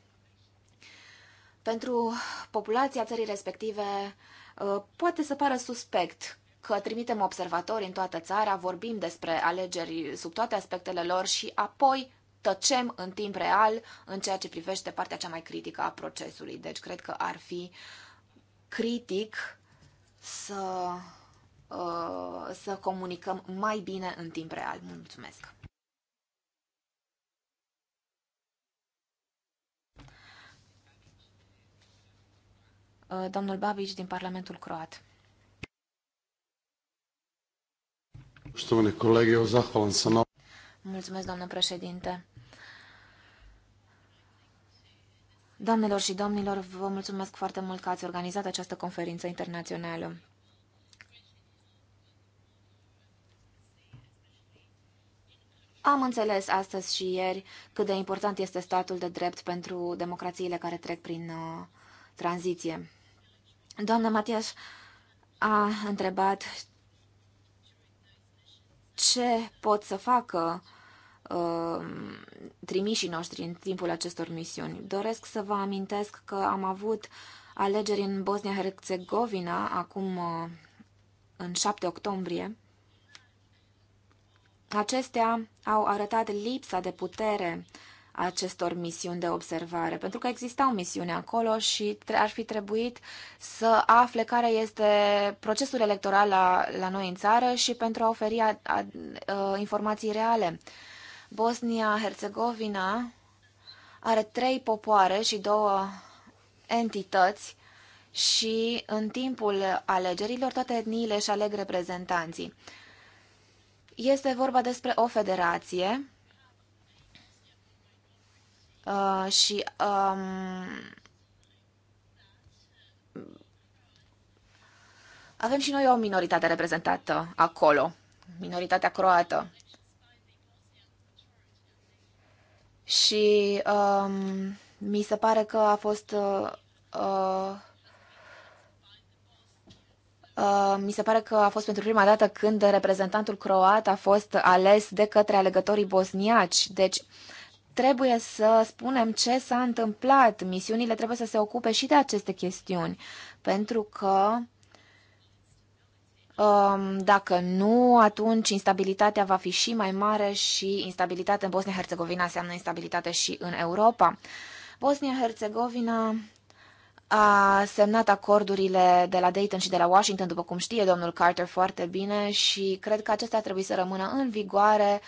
Pentru populația țării respective, uh, poate să pară suspect că trimitem observatori în toată țara, vorbim despre alegeri sub toate aspectele lor și apoi tăcem în timp real în ceea ce privește partea cea mai critică a procesului. Deci cred că ar fi critic să, uh, să comunicăm mai bine în timp real. Mulțumesc! Uh, domnul Babici din Parlamentul Croat. Poštovani colegi, eu zahvalan sam na Mulțumesc, doamnă președinte. Doamnelor și domnilor, vă mulțumesc foarte mult că ați organizat această conferință internațională. Am înțeles astăzi și ieri cât de important este statul de drept pentru democrațiile care trec prin uh, tranziție. Doamna Matias a întrebat ce pot să facă uh, Um, trimișii noștri în timpul acestor misiuni. Doresc să vă amintesc că am avut alegeri în Bosnia-Herzegovina acum uh, în 7 octombrie. Acestea au arătat lipsa de putere acestor misiuni de observare, pentru că existau misiuni acolo și ar fi trebuit să afle care este procesul electoral la, la noi în țară și pentru a oferi a, a, a, uh, informații reale Bosnia-Herzegovina are trei popoare și două entități și în timpul alegerilor toate etniile își aleg reprezentanții. Este vorba despre o federație uh, și um, avem și noi o minoritate reprezentată acolo, minoritatea croată. și um, mi se pare că a fost uh, uh, Uh, mi se pare că a fost pentru prima dată când reprezentantul croat a fost ales de către alegătorii bosniaci. Deci trebuie să spunem ce s-a întâmplat. Misiunile trebuie să se ocupe și de aceste chestiuni, pentru că Um, dacă nu, atunci instabilitatea va fi și mai mare și instabilitatea în Bosnia-Herzegovina înseamnă instabilitate și în Europa. Bosnia-Herzegovina a semnat acordurile de la Dayton și de la Washington, după cum știe domnul Carter foarte bine și cred că acestea trebuie să rămână în vigoare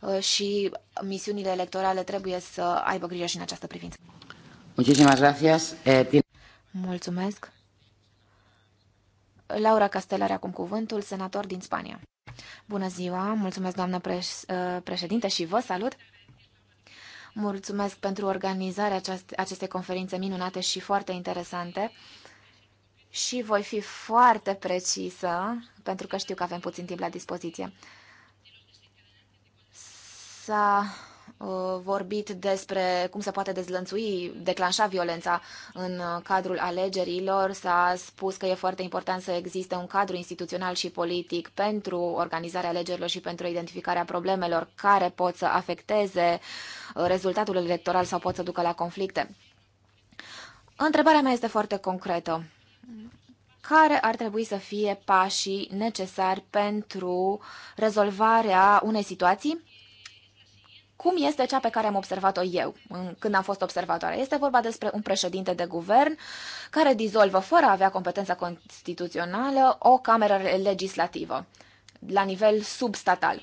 uh, și misiunile electorale trebuie să aibă grijă și în această privință. Eh, Mulțumesc. Laura Castelar acum cuvântul, senator din Spania. Bună ziua, mulțumesc doamnă uh, președinte și vă salut! Mulțumesc pentru organizarea acestei conferințe minunate și foarte interesante și voi fi foarte precisă, pentru că știu că avem puțin timp la dispoziție. S-a Uh, vorbit despre cum se poate dezlănțui, declanșa violența în uh, cadrul alegerilor. S-a spus că e foarte important să existe un cadru instituțional și politic pentru organizarea alegerilor și pentru identificarea problemelor care pot să afecteze uh, rezultatul electoral sau pot să ducă la conflicte. Întrebarea mea este foarte concretă. Care ar trebui să fie pașii necesari pentru rezolvarea unei situații cum este cea pe care am observat-o eu când am fost observatoare. Este vorba despre un președinte de guvern care dizolvă, fără a avea competența constituțională, o cameră legislativă la nivel substatal.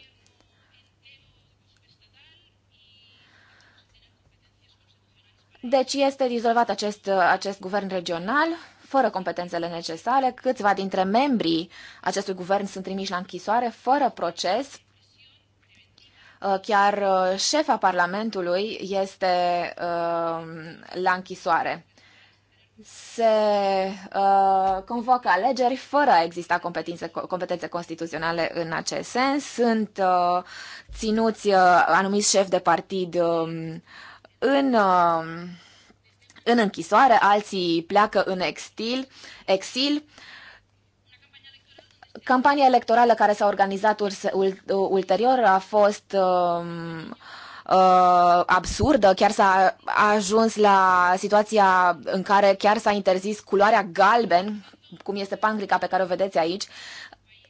Deci este dizolvat acest, acest guvern regional fără competențele necesare, câțiva dintre membrii acestui guvern sunt trimiși la închisoare fără proces Uh, chiar uh, șefa Parlamentului este uh, la închisoare. Se convoacă alegeri fără a exista competențe, competențe constituționale în acest sens. Sunt ținuți anumiți șefi de partid um, în um, în închisoare, alții pleacă în exil, exil Campania electorală care s-a organizat ulterior a fost um, uh, absurdă, chiar s-a ajuns la situația în care chiar s-a interzis culoarea galben, cum este panglica pe care o vedeți aici,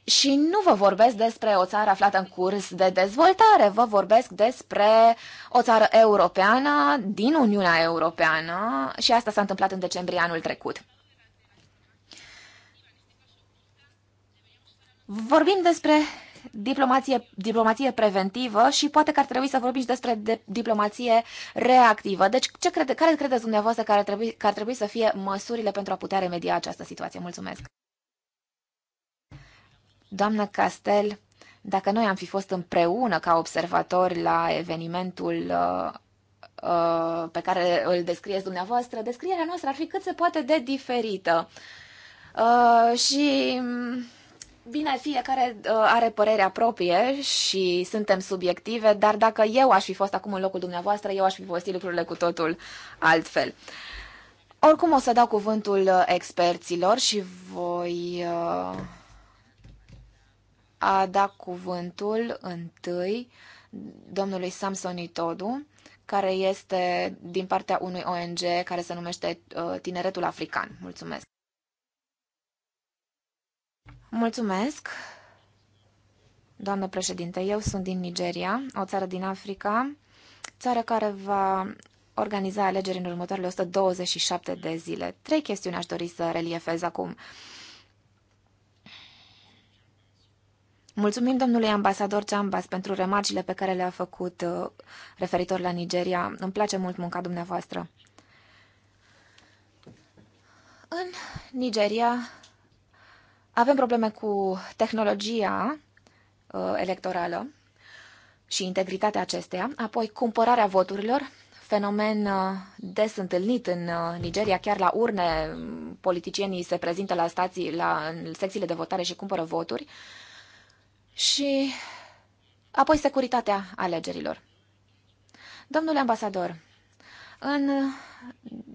și nu vă vorbesc despre o țară aflată în curs de dezvoltare, vă vorbesc despre o țară europeană din Uniunea Europeană și asta s-a întâmplat în decembrie anul trecut. Vorbim despre diplomație, diplomație preventivă și poate că ar trebui să vorbim și despre de, diplomație reactivă. Deci, ce crede, care credeți dumneavoastră că ar, trebui, că ar trebui să fie măsurile pentru a putea remedia această situație? Mulțumesc! Doamnă Castel, dacă noi am fi fost împreună ca observatori la evenimentul uh, uh, pe care îl descrieți dumneavoastră, descrierea noastră ar fi cât se poate de diferită. Uh, și Bine, fiecare uh, are părerea proprie și suntem subiective, dar dacă eu aș fi fost acum în locul dumneavoastră, eu aș fi folosit lucrurile cu totul altfel. Oricum o să dau cuvântul uh, experților și voi uh, a da cuvântul întâi domnului Samsoni Todu, care este din partea unui ONG care se numește uh, Tineretul African. Mulțumesc! Mulțumesc, doamnă președinte. Eu sunt din Nigeria, o țară din Africa, țară care va organiza alegeri în următoarele 127 de zile. Trei chestiuni aș dori să reliefez acum. Mulțumim domnului ambasador Ceambas pentru remarcile pe care le-a făcut uh, referitor la Nigeria. Îmi place mult munca dumneavoastră. În Nigeria avem probleme cu tehnologia uh, electorală și integritatea acesteia, apoi cumpărarea voturilor, fenomen uh, des întâlnit în uh, Nigeria, chiar la urne politicienii se prezintă la stații, la secțiile de votare și cumpără voturi. Și apoi securitatea alegerilor. Domnule ambasador, în uh,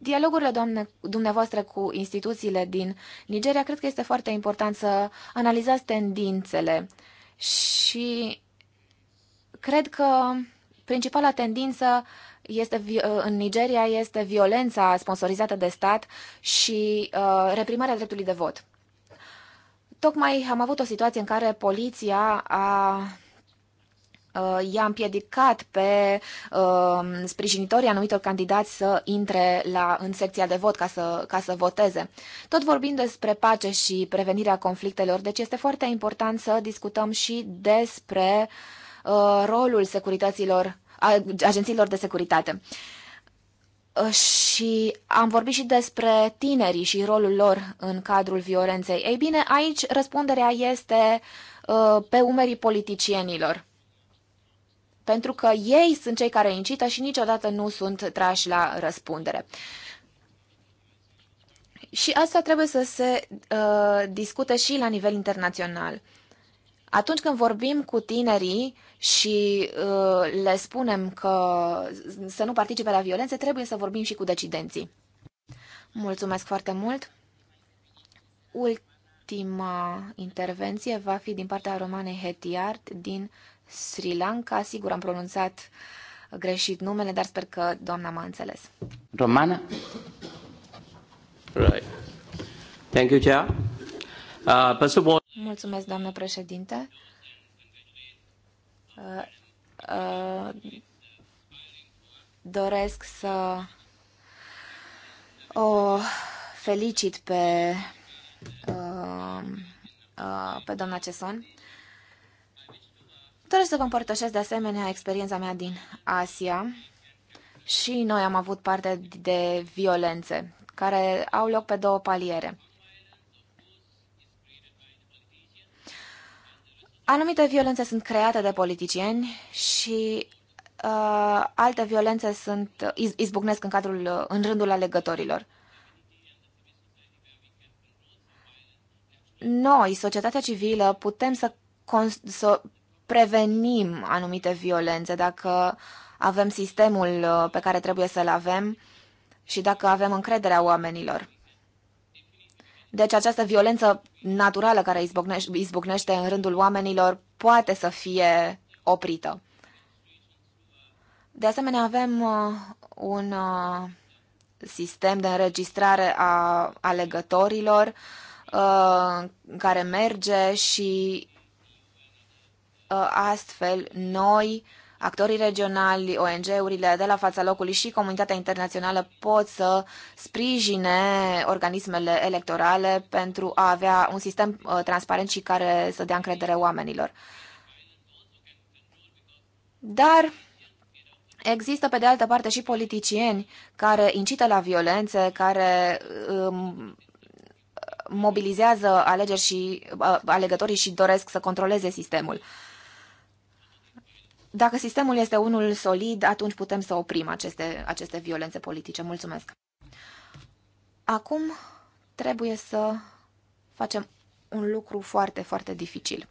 dialogurile doamne, dumneavoastră cu instituțiile din Nigeria, cred că este foarte important să analizați tendințele și cred că principala tendință este, uh, în Nigeria este violența sponsorizată de stat și uh, reprimarea dreptului de vot. Tocmai am avut o situație în care poliția a Uh, i-a împiedicat pe uh, sprijinitorii anumitor candidați să intre la, în secția de vot ca să, ca să voteze. Tot vorbim despre pace și prevenirea conflictelor, deci este foarte important să discutăm și despre uh, rolul securităților, agențiilor de securitate. Uh, și am vorbit și despre tinerii și rolul lor în cadrul violenței. Ei bine, aici răspunderea este uh, pe umerii politicienilor pentru că ei sunt cei care incită și niciodată nu sunt trași la răspundere. Și asta trebuie să se uh, discute și la nivel internațional. Atunci când vorbim cu tinerii și uh, le spunem că să nu participe la violențe, trebuie să vorbim și cu decidenții. Mulțumesc foarte mult! Ultima intervenție va fi din partea Romanei Hetiard din Sri Lanka. Sigur, am pronunțat greșit numele, dar sper că doamna m-a înțeles. Romana? Right. Thank you, Chair. Uh, all... Mulțumesc, doamnă președinte. Uh, uh, doresc să o felicit pe, uh, uh, pe doamna Ceson Doresc să vă împărtășesc de asemenea experiența mea din Asia. Și noi am avut parte de violențe care au loc pe două paliere. Anumite violențe sunt create de politicieni și uh, alte violențe sunt iz, izbucnesc în cadrul uh, în rândul alegătorilor. Noi, societatea civilă, putem să, con, să prevenim anumite violențe, dacă avem sistemul uh, pe care trebuie să-l avem și dacă avem încrederea oamenilor. Deci această violență naturală care izbucnește în rândul oamenilor poate să fie oprită. De asemenea, avem uh, un uh, sistem de înregistrare a alegătorilor care merge și Uh, astfel noi, actorii regionali, ONG-urile de la fața locului și comunitatea internațională pot să sprijine organismele electorale pentru a avea un sistem uh, transparent și care să dea încredere oamenilor. Dar Există, pe de altă parte, și politicieni care incită la violențe, care um, mobilizează alegeri și, uh, alegătorii și doresc să controleze sistemul. Dacă sistemul este unul solid, atunci putem să oprim aceste, aceste violențe politice. Mulțumesc! Acum trebuie să facem un lucru foarte, foarte dificil.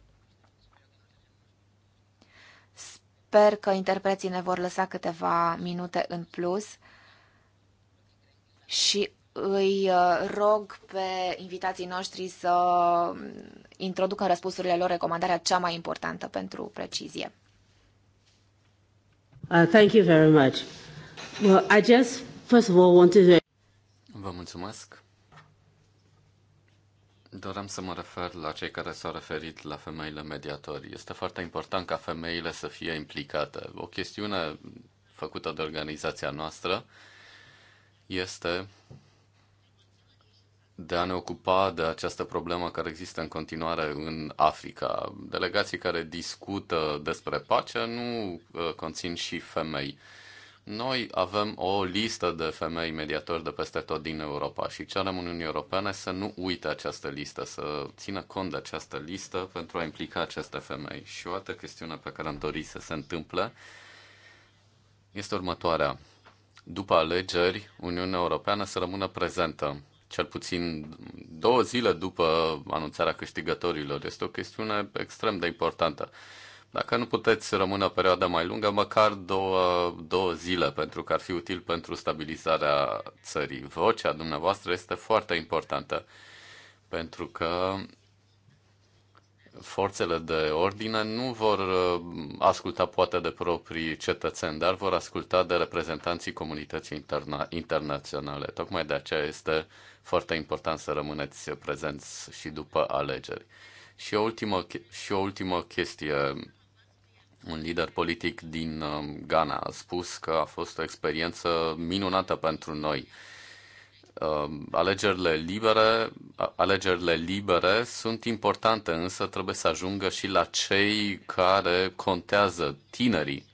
Sper că interpreții ne vor lăsa câteva minute în plus și îi uh, rog pe invitații noștri să introducă în răspunsurile lor recomandarea cea mai importantă pentru precizie. Uh, thank you very much. Well, I just first of all wanted to... Vă mulțumesc. Doream să mă refer la cei care s-au referit la femeile mediatori. Este foarte important ca femeile să fie implicate. O chestiune făcută de organizația noastră este de a ne ocupa de această problemă care există în continuare în Africa. Delegații care discută despre pace nu uh, conțin și femei. Noi avem o listă de femei mediatori de peste tot din Europa și cerem Uniunii Europene să nu uite această listă, să țină cont de această listă pentru a implica aceste femei. Și o altă chestiune pe care am dorit să se întâmple este următoarea. După alegeri, Uniunea Europeană să rămână prezentă cel puțin două zile după anunțarea câștigătorilor. Este o chestiune extrem de importantă. Dacă nu puteți rămâne o perioadă mai lungă, măcar două, două zile, pentru că ar fi util pentru stabilizarea țării. Vocea dumneavoastră este foarte importantă, pentru că forțele de ordine nu vor uh, asculta poate de proprii cetățeni, dar vor asculta de reprezentanții comunității interna- internaționale. Tocmai de aceea este foarte important să rămâneți prezenți și după alegeri. Și o ultimă, și o ultimă chestie. Un lider politic din um, Ghana a spus că a fost o experiență minunată pentru noi. Um, alegerile libere, alegerile libere sunt importante, însă trebuie să ajungă și la cei care contează, tinerii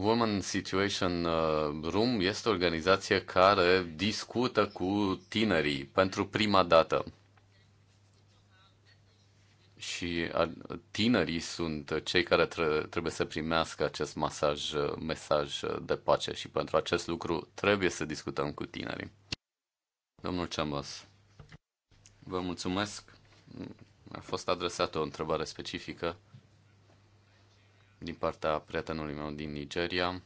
Women Situation uh, Room este o organizație care discută cu tinerii pentru prima dată. Și uh, tinerii sunt cei care trebuie să primească acest masaj, uh, mesaj de pace și pentru acest lucru trebuie să discutăm cu tinerii. Domnul Ceambas, vă mulțumesc. Mm, a fost adresată o întrebare specifică din partea prietenului meu din Nigeria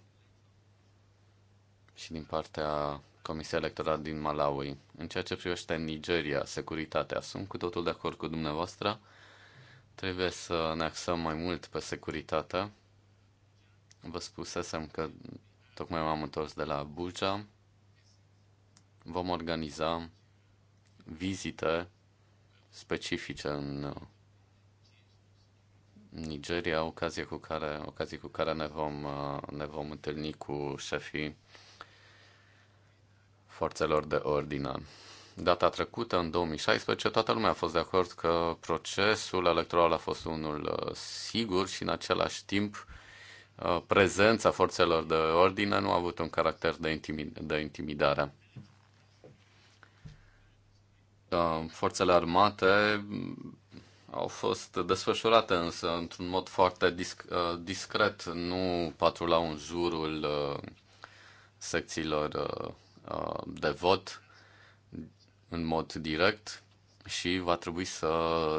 și din partea Comisiei Electorale din Malawi. În ceea ce privește Nigeria, securitatea, sunt cu totul de acord cu dumneavoastră. Trebuie să ne axăm mai mult pe securitate. Vă spusesem că tocmai m-am întors de la Buja. Vom organiza vizite specifice în Nigeria, ocazie cu care, ocazie cu care ne, vom, uh, ne vom întâlni cu șefii forțelor de ordine. Data trecută, în 2016, toată lumea a fost de acord că procesul electoral a fost unul uh, sigur și, în același timp, uh, prezența forțelor de ordine nu a avut un caracter de, intimid- de intimidare. Forțele armate au fost desfășurate însă într-un mod foarte disc, uh, discret, nu patrulau în jurul uh, secțiilor uh, de vot în mod direct și va trebui să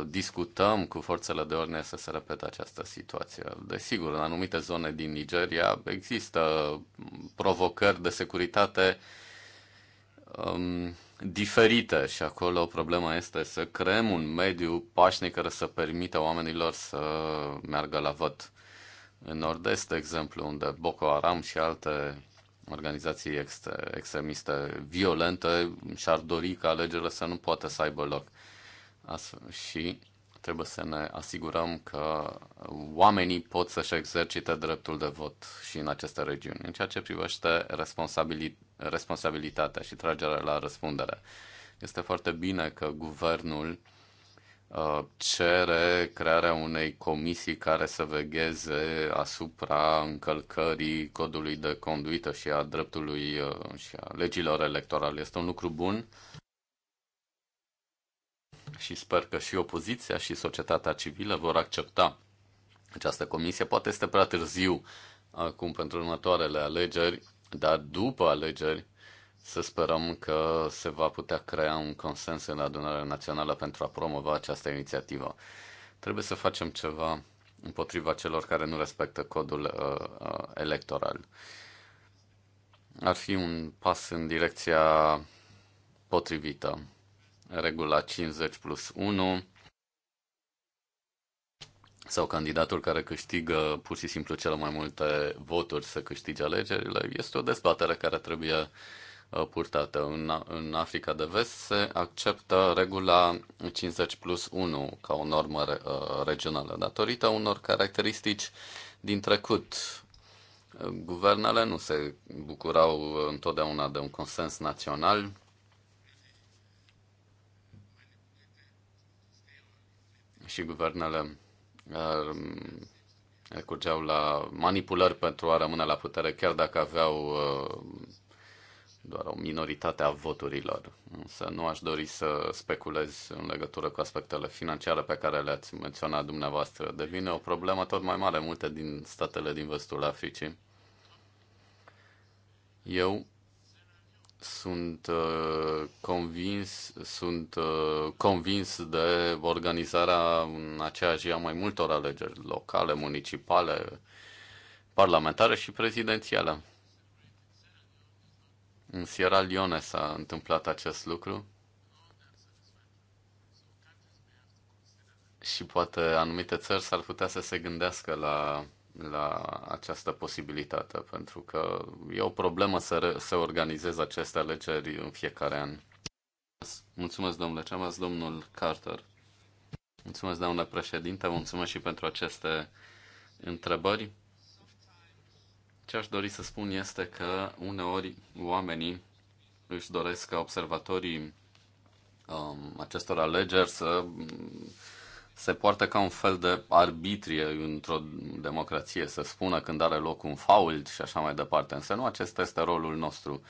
discutăm cu forțele de ordine să se repete această situație. Desigur, în anumite zone din Nigeria există provocări de securitate um, diferite și acolo problema este să creăm un mediu pașnic care să permită oamenilor să meargă la vot. În Nord-Est, de exemplu, unde Boko Haram și alte organizații extremiste violente și-ar dori ca alegerile să nu poată să aibă loc. Astfel, și Trebuie să ne asigurăm că oamenii pot să-și exercite dreptul de vot și în aceste regiuni, în ceea ce privește responsabili- responsabilitatea și tragerea la răspundere. Este foarte bine că guvernul uh, cere crearea unei comisii care să vegheze asupra încălcării codului de conduită și a dreptului uh, și a legilor electorale. Este un lucru bun și sper că și opoziția și societatea civilă vor accepta această comisie. Poate este prea târziu acum pentru următoarele alegeri, dar după alegeri să sperăm că se va putea crea un consens în adunarea națională pentru a promova această inițiativă. Trebuie să facem ceva împotriva celor care nu respectă codul uh, uh, electoral. Ar fi un pas în direcția potrivită regula 50 plus 1 sau candidatul care câștigă pur și simplu cele mai multe voturi să câștige alegerile, este o dezbatere care trebuie uh, purtată. În, în Africa de Vest se acceptă regula 50 plus 1 ca o normă uh, regională, datorită unor caracteristici din trecut. Guvernele nu se bucurau întotdeauna de un consens național și guvernele uh, recurgeau la manipulări pentru a rămâne la putere, chiar dacă aveau uh, doar o minoritate a voturilor. Însă nu aș dori să speculez în legătură cu aspectele financiare pe care le-ați menționat dumneavoastră. Devine o problemă tot mai mare multe din statele din vestul Africii. Eu sunt uh, convins, sunt uh, convins de organizarea în aceeași zi a mai multor alegeri locale, municipale, parlamentare și prezidențiale. În Sierra Leone s-a întâmplat acest lucru și poate anumite țări s-ar putea să se gândească la la această posibilitate, pentru că e o problemă să, să organizez aceste alegeri în fiecare an. Mulțumesc, domnule Ceamas, domnul Carter. Mulțumesc, domnule președinte, mulțumesc și pentru aceste întrebări. Ce aș dori să spun este că uneori oamenii își doresc ca observatorii um, acestor alegeri să se poartă ca un fel de arbitrie într-o democrație, să spună când are loc un fault și așa mai departe. Însă nu acesta este rolul nostru.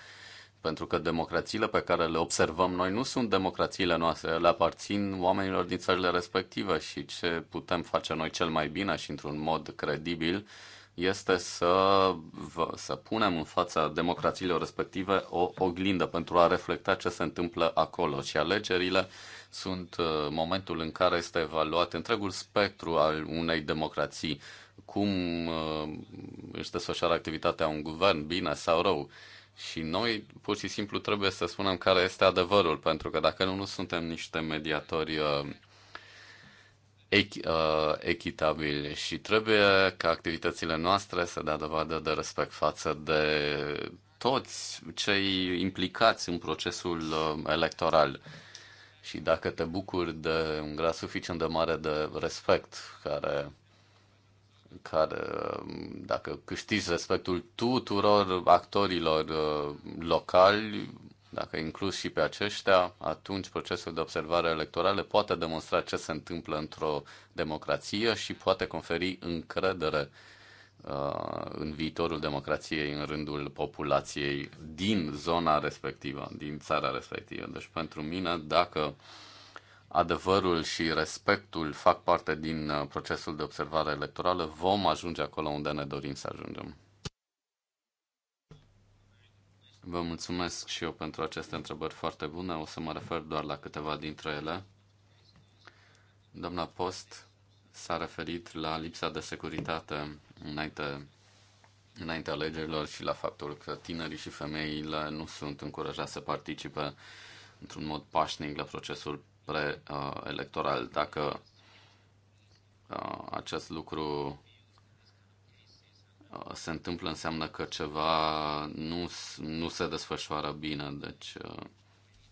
Pentru că democrațiile pe care le observăm noi nu sunt democrațiile noastre, le aparțin oamenilor din țările respective și ce putem face noi cel mai bine și într-un mod credibil este să, să punem în fața democrațiilor respective o oglindă pentru a reflecta ce se întâmplă acolo. Și alegerile sunt uh, momentul în care este evaluat întregul spectru al unei democrații, cum uh, își desfășoară activitatea un guvern, bine sau rău. Și noi pur și simplu trebuie să spunem care este adevărul, pentru că dacă nu, nu suntem niște mediatori uh, ech, uh, și trebuie ca activitățile noastre să dea dovadă de respect față de toți cei implicați în procesul uh, electoral. Și dacă te bucuri de un grad suficient de mare de respect, care, care um, dacă câștigi respectul tuturor actorilor uh, locali, dacă inclus și pe aceștia, atunci procesul de observare electorală poate demonstra ce se întâmplă într-o democrație și poate conferi încredere uh, în viitorul democrației în rândul populației din zona respectivă, din țara respectivă. Deci pentru mine, dacă adevărul și respectul fac parte din uh, procesul de observare electorală, vom ajunge acolo unde ne dorim să ajungem. Vă mulțumesc și eu pentru aceste întrebări foarte bune. O să mă refer doar la câteva dintre ele. Doamna Post s-a referit la lipsa de securitate înainte, înainte alegerilor și la faptul că tinerii și femeile nu sunt încurajați să participe într-un mod pașnic la procesul pre-electoral. Uh, Dacă uh, acest lucru Uh, se întâmplă înseamnă că ceva nu, nu se desfășoară bine. Deci uh,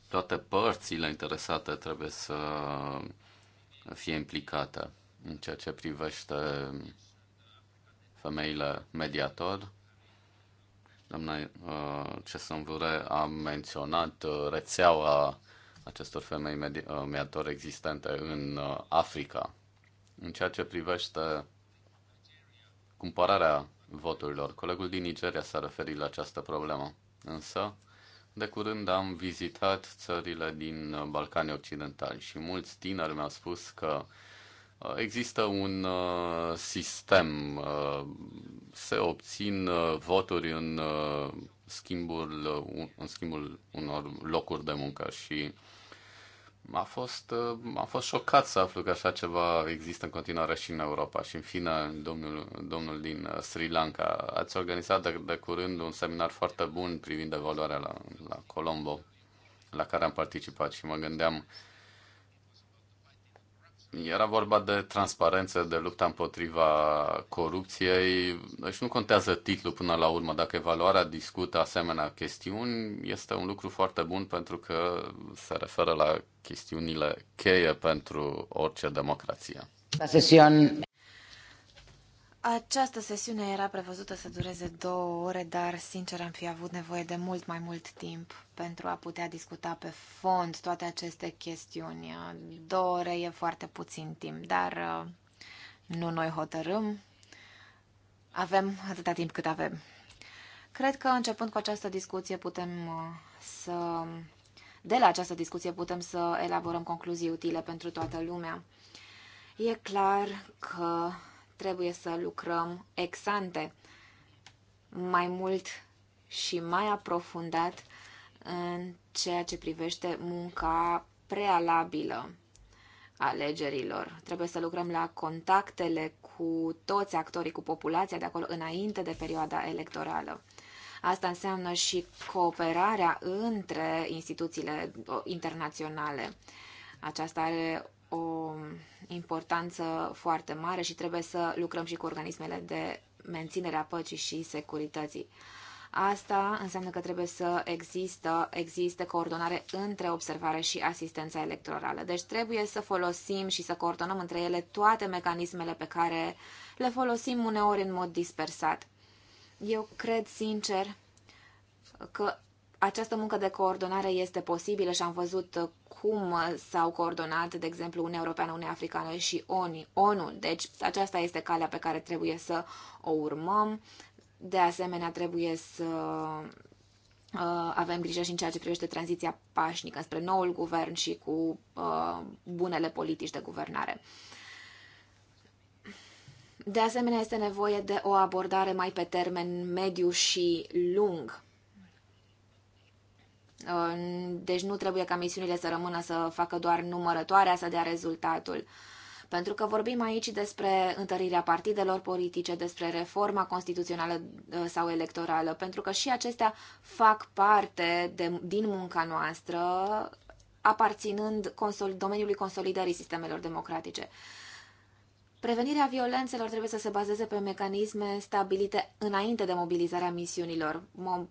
toate părțile interesate trebuie să fie implicate în ceea ce privește femeile mediator. Doamna uh, ce să învure a menționat rețeaua acestor femei mediator existente în Africa. În ceea ce privește cumpărarea voturilor. Colegul din Nigeria s-a referit la această problemă, însă de curând am vizitat țările din Balcanii Occidentali și mulți tineri mi-au spus că uh, există un uh, sistem, uh, se obțin voturi în schimbul, în schimbul unor locuri de muncă și a fost, uh, a fost șocat să aflu că așa ceva există în continuare și în Europa. Și în fine, domnul, domnul din uh, Sri Lanka, ați organizat de, de curând un seminar foarte bun privind evaluarea la, la Colombo, la care am participat și mă gândeam uh, era vorba de transparență, de lupta împotriva corupției. Deci nu contează titlul până la urmă. Dacă evaluarea discută asemenea chestiuni, este un lucru foarte bun pentru că se referă la chestiunile cheie pentru orice democrație. La sesiune. Această sesiune era prevăzută să dureze două ore, dar sincer am fi avut nevoie de mult mai mult timp pentru a putea discuta pe fond toate aceste chestiuni. Două ore e foarte puțin timp, dar uh, nu noi hotărâm. Avem atâta timp cât avem. Cred că începând cu această discuție putem uh, să... De la această discuție putem să elaborăm concluzii utile pentru toată lumea. E clar că trebuie să lucrăm exante mai mult și mai aprofundat în ceea ce privește munca prealabilă alegerilor. Trebuie să lucrăm la contactele cu toți actorii, cu populația de acolo, înainte de perioada electorală. Asta înseamnă și cooperarea între instituțiile internaționale. Aceasta are o importanță foarte mare și trebuie să lucrăm și cu organismele de menținere a păcii și securității. Asta înseamnă că trebuie să există, existe coordonare între observare și asistența electorală. Deci trebuie să folosim și să coordonăm între ele toate mecanismele pe care le folosim uneori în mod dispersat. Eu cred sincer că această muncă de coordonare este posibilă și am văzut cum s-au coordonat, de exemplu, Uniunea Europeană, Uniunea Africană și ONU. Deci aceasta este calea pe care trebuie să o urmăm. De asemenea, trebuie să uh, avem grijă și în ceea ce privește tranziția pașnică spre noul guvern și cu uh, bunele politici de guvernare. De asemenea, este nevoie de o abordare mai pe termen mediu și lung deci nu trebuie ca misiunile să rămână să facă doar numărătoarea, să dea rezultatul. Pentru că vorbim aici despre întărirea partidelor politice, despre reforma constituțională ă, sau electorală, pentru că și acestea fac parte de, din munca noastră, aparținând consol, domeniului consolidării sistemelor democratice. Prevenirea violențelor trebuie să se bazeze pe mecanisme stabilite înainte de mobilizarea misiunilor. Um,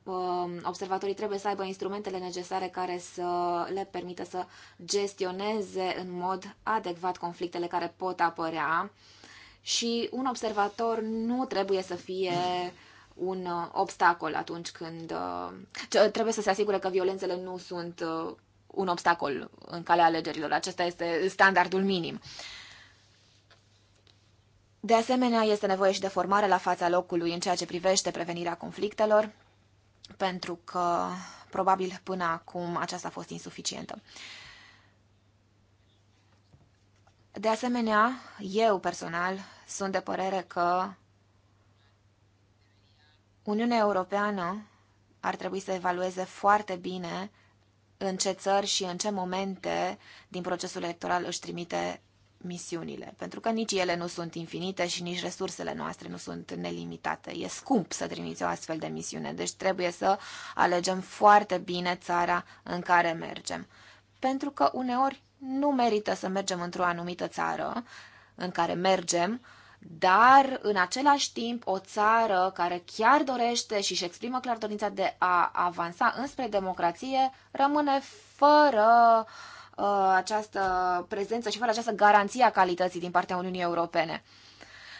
observatorii trebuie să aibă instrumentele necesare care să le permită să gestioneze în mod adecvat conflictele care pot apărea și un observator nu trebuie să fie un uh, obstacol atunci când uh, trebuie să se asigure că violențele nu sunt uh, un obstacol în calea alegerilor. Acesta este standardul minim. Uh, de asemenea, este nevoie și de formare la fața locului în ceea ce privește prevenirea conflictelor, pentru că probabil până acum aceasta a fost insuficientă. De asemenea, eu personal sunt de părere că Uniunea Europeană ar trebui să evalueze foarte bine în ce țări și în ce momente din procesul electoral își trimite misiunile, pentru că nici ele nu sunt infinite și nici resursele noastre nu sunt nelimitate. E scump să trimiți o astfel de misiune, deci trebuie să alegem foarte bine țara în care mergem. Pentru că uneori nu merită să mergem într-o anumită țară în care mergem, dar în același timp o țară care chiar dorește și își exprimă clar dorința de a avansa înspre democrație rămâne fără uh, Uh, această prezență și fără această garanție a calității din partea Uniunii Europene.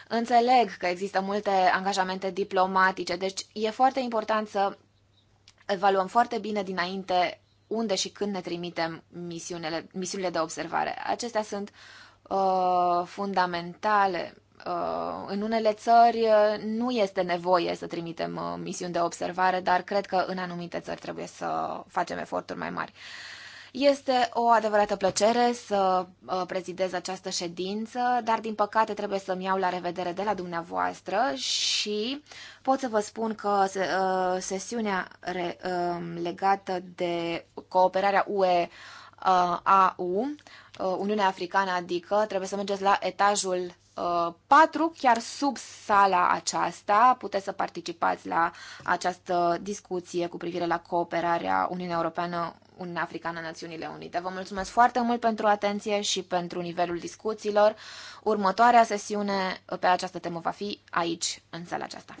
Înțeleg că există multe angajamente diplomatice, deci e foarte important să evaluăm foarte bine dinainte unde și când ne trimitem misiunile, misiunile de observare. Acestea sunt uh, fundamentale. Uh, în unele țări uh, nu este nevoie să trimitem uh, misiuni de observare, dar cred că în anumite țări trebuie să facem eforturi mai mari. Uh, este o adevărată plăcere să uh, prezidez această ședință, dar din păcate trebuie să-mi iau la revedere de la dumneavoastră și pot să vă spun că uh, sesiunea um, legată de cooperarea UE uh, AU, Uniunea Africană, adică trebuie să mergeți la etajul 4, chiar sub sala aceasta. Puteți să participați la această discuție cu privire la cooperarea Uniunea Europeană Uniunea Africană, Națiunile Unite. Vă mulțumesc foarte mult pentru atenție și pentru nivelul discuțiilor. Următoarea sesiune pe această temă va fi aici, în sala aceasta.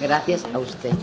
Gracias a usted.